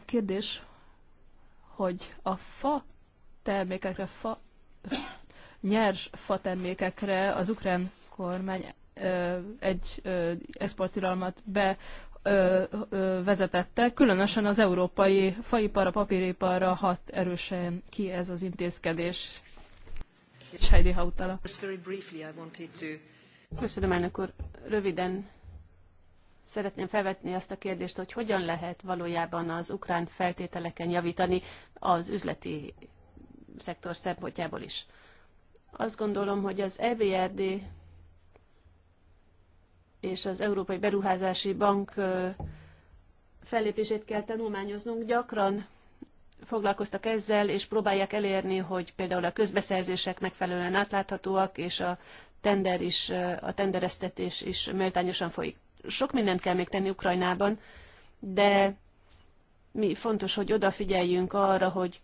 kérdés, hogy a fa termékekre, fa, nyers fa termékekre az ukrán kormány egy exporttilalmat vezetette, különösen az európai faipar, a papíriparra hat erősen ki ez az intézkedés. És Heidi Hautala. Köszönöm, elnök úr. Röviden szeretném felvetni azt a kérdést, hogy hogyan lehet valójában az ukrán feltételeken javítani az üzleti szektor szempontjából is. Azt gondolom, hogy az EBRD és az Európai Beruházási Bank fellépését kell tanulmányoznunk. Gyakran foglalkoztak ezzel, és próbálják elérni, hogy például a közbeszerzések megfelelően átláthatóak, és a tender is, a tendereztetés is méltányosan folyik. Sok mindent kell még tenni Ukrajnában, de mi fontos, hogy odafigyeljünk arra, hogy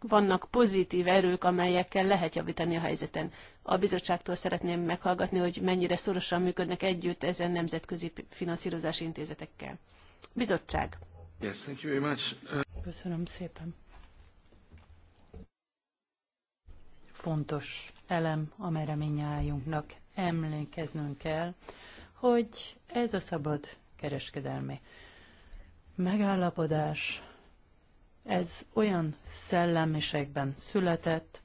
vannak pozitív erők, amelyekkel lehet javítani a helyzeten. A bizottságtól szeretném meghallgatni, hogy mennyire szorosan működnek együtt ezen nemzetközi finanszírozási intézetekkel. Bizottság. Yes, thank you very much. Köszönöm szépen. Fontos elem, amelyre mereményájunknak emlékeznünk kell, hogy ez a szabad kereskedelmi megállapodás, ez olyan szellemiségben született,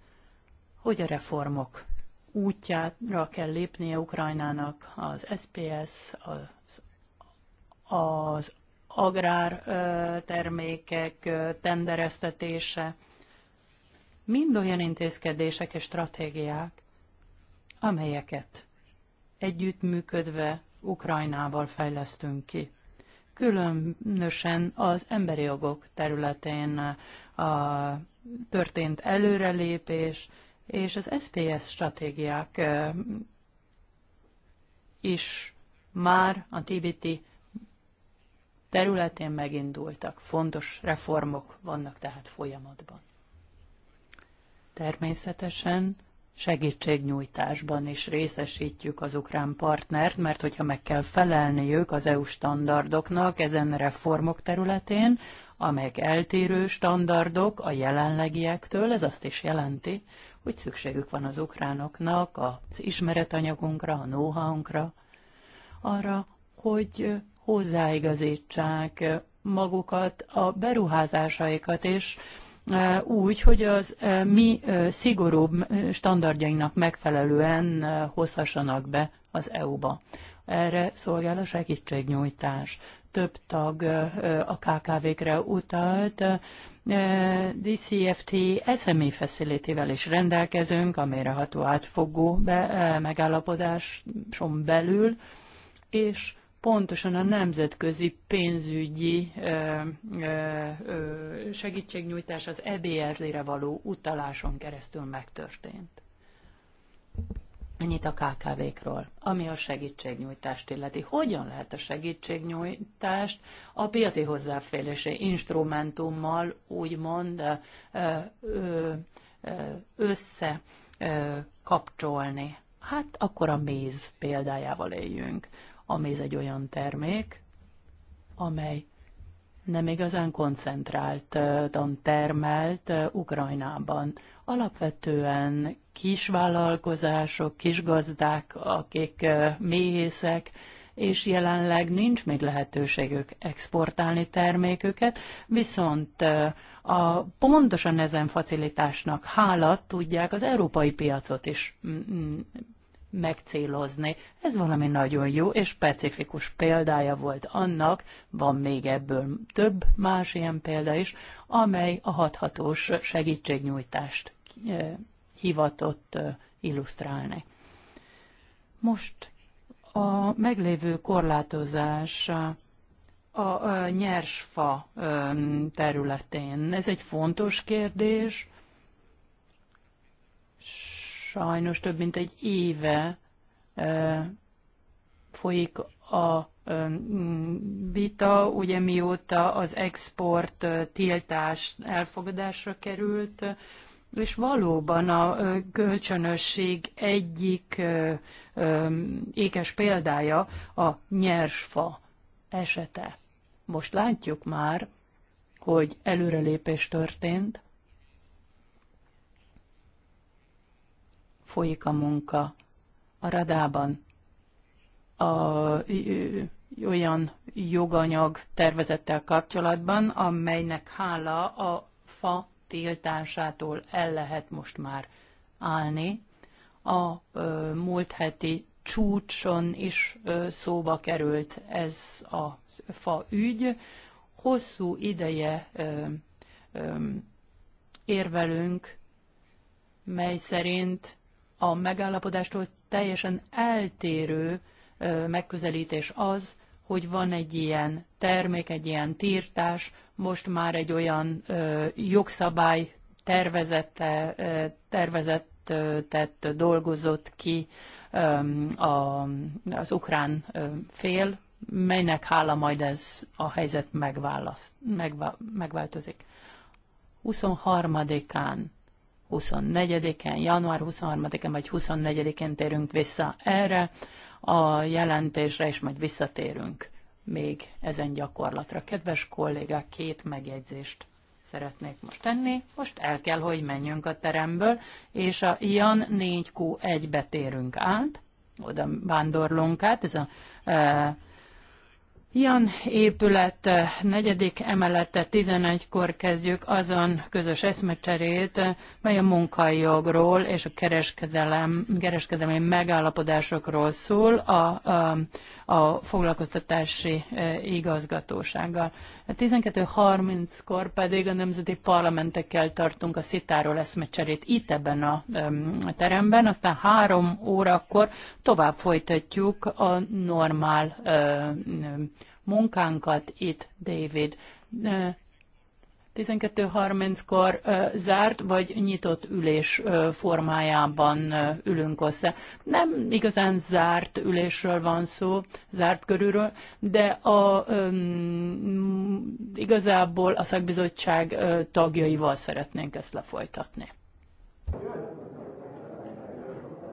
hogy a reformok útjára kell lépnie Ukrajnának az SPS, az, az agrártermékek tendereztetése, mind olyan intézkedések és stratégiák, amelyeket együttműködve Ukrajnával fejlesztünk ki. Különösen az emberi jogok területén a történt előrelépés, és az SPS stratégiák is már a TBT területén megindultak. Fontos reformok vannak tehát folyamatban. Természetesen segítségnyújtásban is részesítjük az ukrán partnert, mert hogyha meg kell felelniük az EU standardoknak ezen reformok területén, amelyek eltérő standardok a jelenlegiektől, ez azt is jelenti, hogy szükségük van az ukránoknak az ismeretanyagunkra, a nóhaunkra, arra, hogy hozzáigazítsák magukat, a beruházásaikat és e, úgy, hogy az e, mi e, szigorúbb standardjainknak megfelelően hozhassanak be az EU-ba. Erre szolgál a segítségnyújtás több tag a KKV-kre utalt, DCFT SME facility-vel is rendelkezünk, amire ható átfogó be, megállapodáson belül, és pontosan a nemzetközi pénzügyi ö, ö, ö, segítségnyújtás az EBRD-re való utaláson keresztül megtörtént. Ennyit a KKV-król, ami a segítségnyújtást illeti. Hogyan lehet a segítségnyújtást a piaci hozzáférési instrumentummal úgymond összekapcsolni? Hát akkor a méz példájával éljünk. A méz egy olyan termék, amely nem igazán koncentráltan termelt Ukrajnában. Alapvetően kisvállalkozások, kisgazdák, akik méhészek, és jelenleg nincs még lehetőségük exportálni terméküket, viszont a pontosan ezen facilitásnak hála tudják az európai piacot is megcélozni. Ez valami nagyon jó és specifikus példája volt annak, van még ebből több más ilyen példa is, amely a hathatós segítségnyújtást hivatott illusztrálni. Most a meglévő korlátozás a nyersfa területén. Ez egy fontos kérdés. Sajnos több mint egy éve folyik a vita, ugye mióta az export tiltás elfogadásra került, és valóban a kölcsönösség egyik ékes példája a nyersfa esete. Most látjuk már, hogy előrelépés történt, folyik a munka a radában, a, olyan joganyag tervezettel kapcsolatban, amelynek hála a fa tiltásától el lehet most már állni. A ö, múlt heti csúcson is ö, szóba került ez a fa ügy. Hosszú ideje ö, ö, érvelünk, mely szerint a megállapodástól teljesen eltérő megközelítés az, hogy van egy ilyen termék, egy ilyen tiltás, most már egy olyan ö, jogszabály tervezette, ö, tervezettet dolgozott ki ö, a, az ukrán ö, fél, melynek hála majd ez a helyzet megválaszt, megvá, megváltozik. 23-án 24 én január 23 án vagy 24 én térünk vissza erre, a jelentésre, és majd visszatérünk még ezen gyakorlatra. Kedves kollégák, két megjegyzést szeretnék most tenni. Most el kell, hogy menjünk a teremből, és a Ian 4Q1-be térünk át, oda vándorlunk át, ez a e, Ilyen épület eh, negyedik emelete 11-kor kezdjük azon közös eszmecserét, eh, mely a munkajogról és a kereskedelem, kereskedelmi megállapodásokról szól. A, a a foglalkoztatási e, igazgatósággal. 12.30-kor pedig a nemzeti parlamentekkel tartunk a szitáról eszmecserét itt ebben a e, teremben, aztán három órakor tovább folytatjuk a normál e, munkánkat itt, David 12.30-kor zárt vagy nyitott ülés formájában ülünk össze. Nem igazán zárt ülésről van szó, zárt körülről, de a, igazából a szakbizottság tagjaival szeretnénk ezt lefolytatni. Good.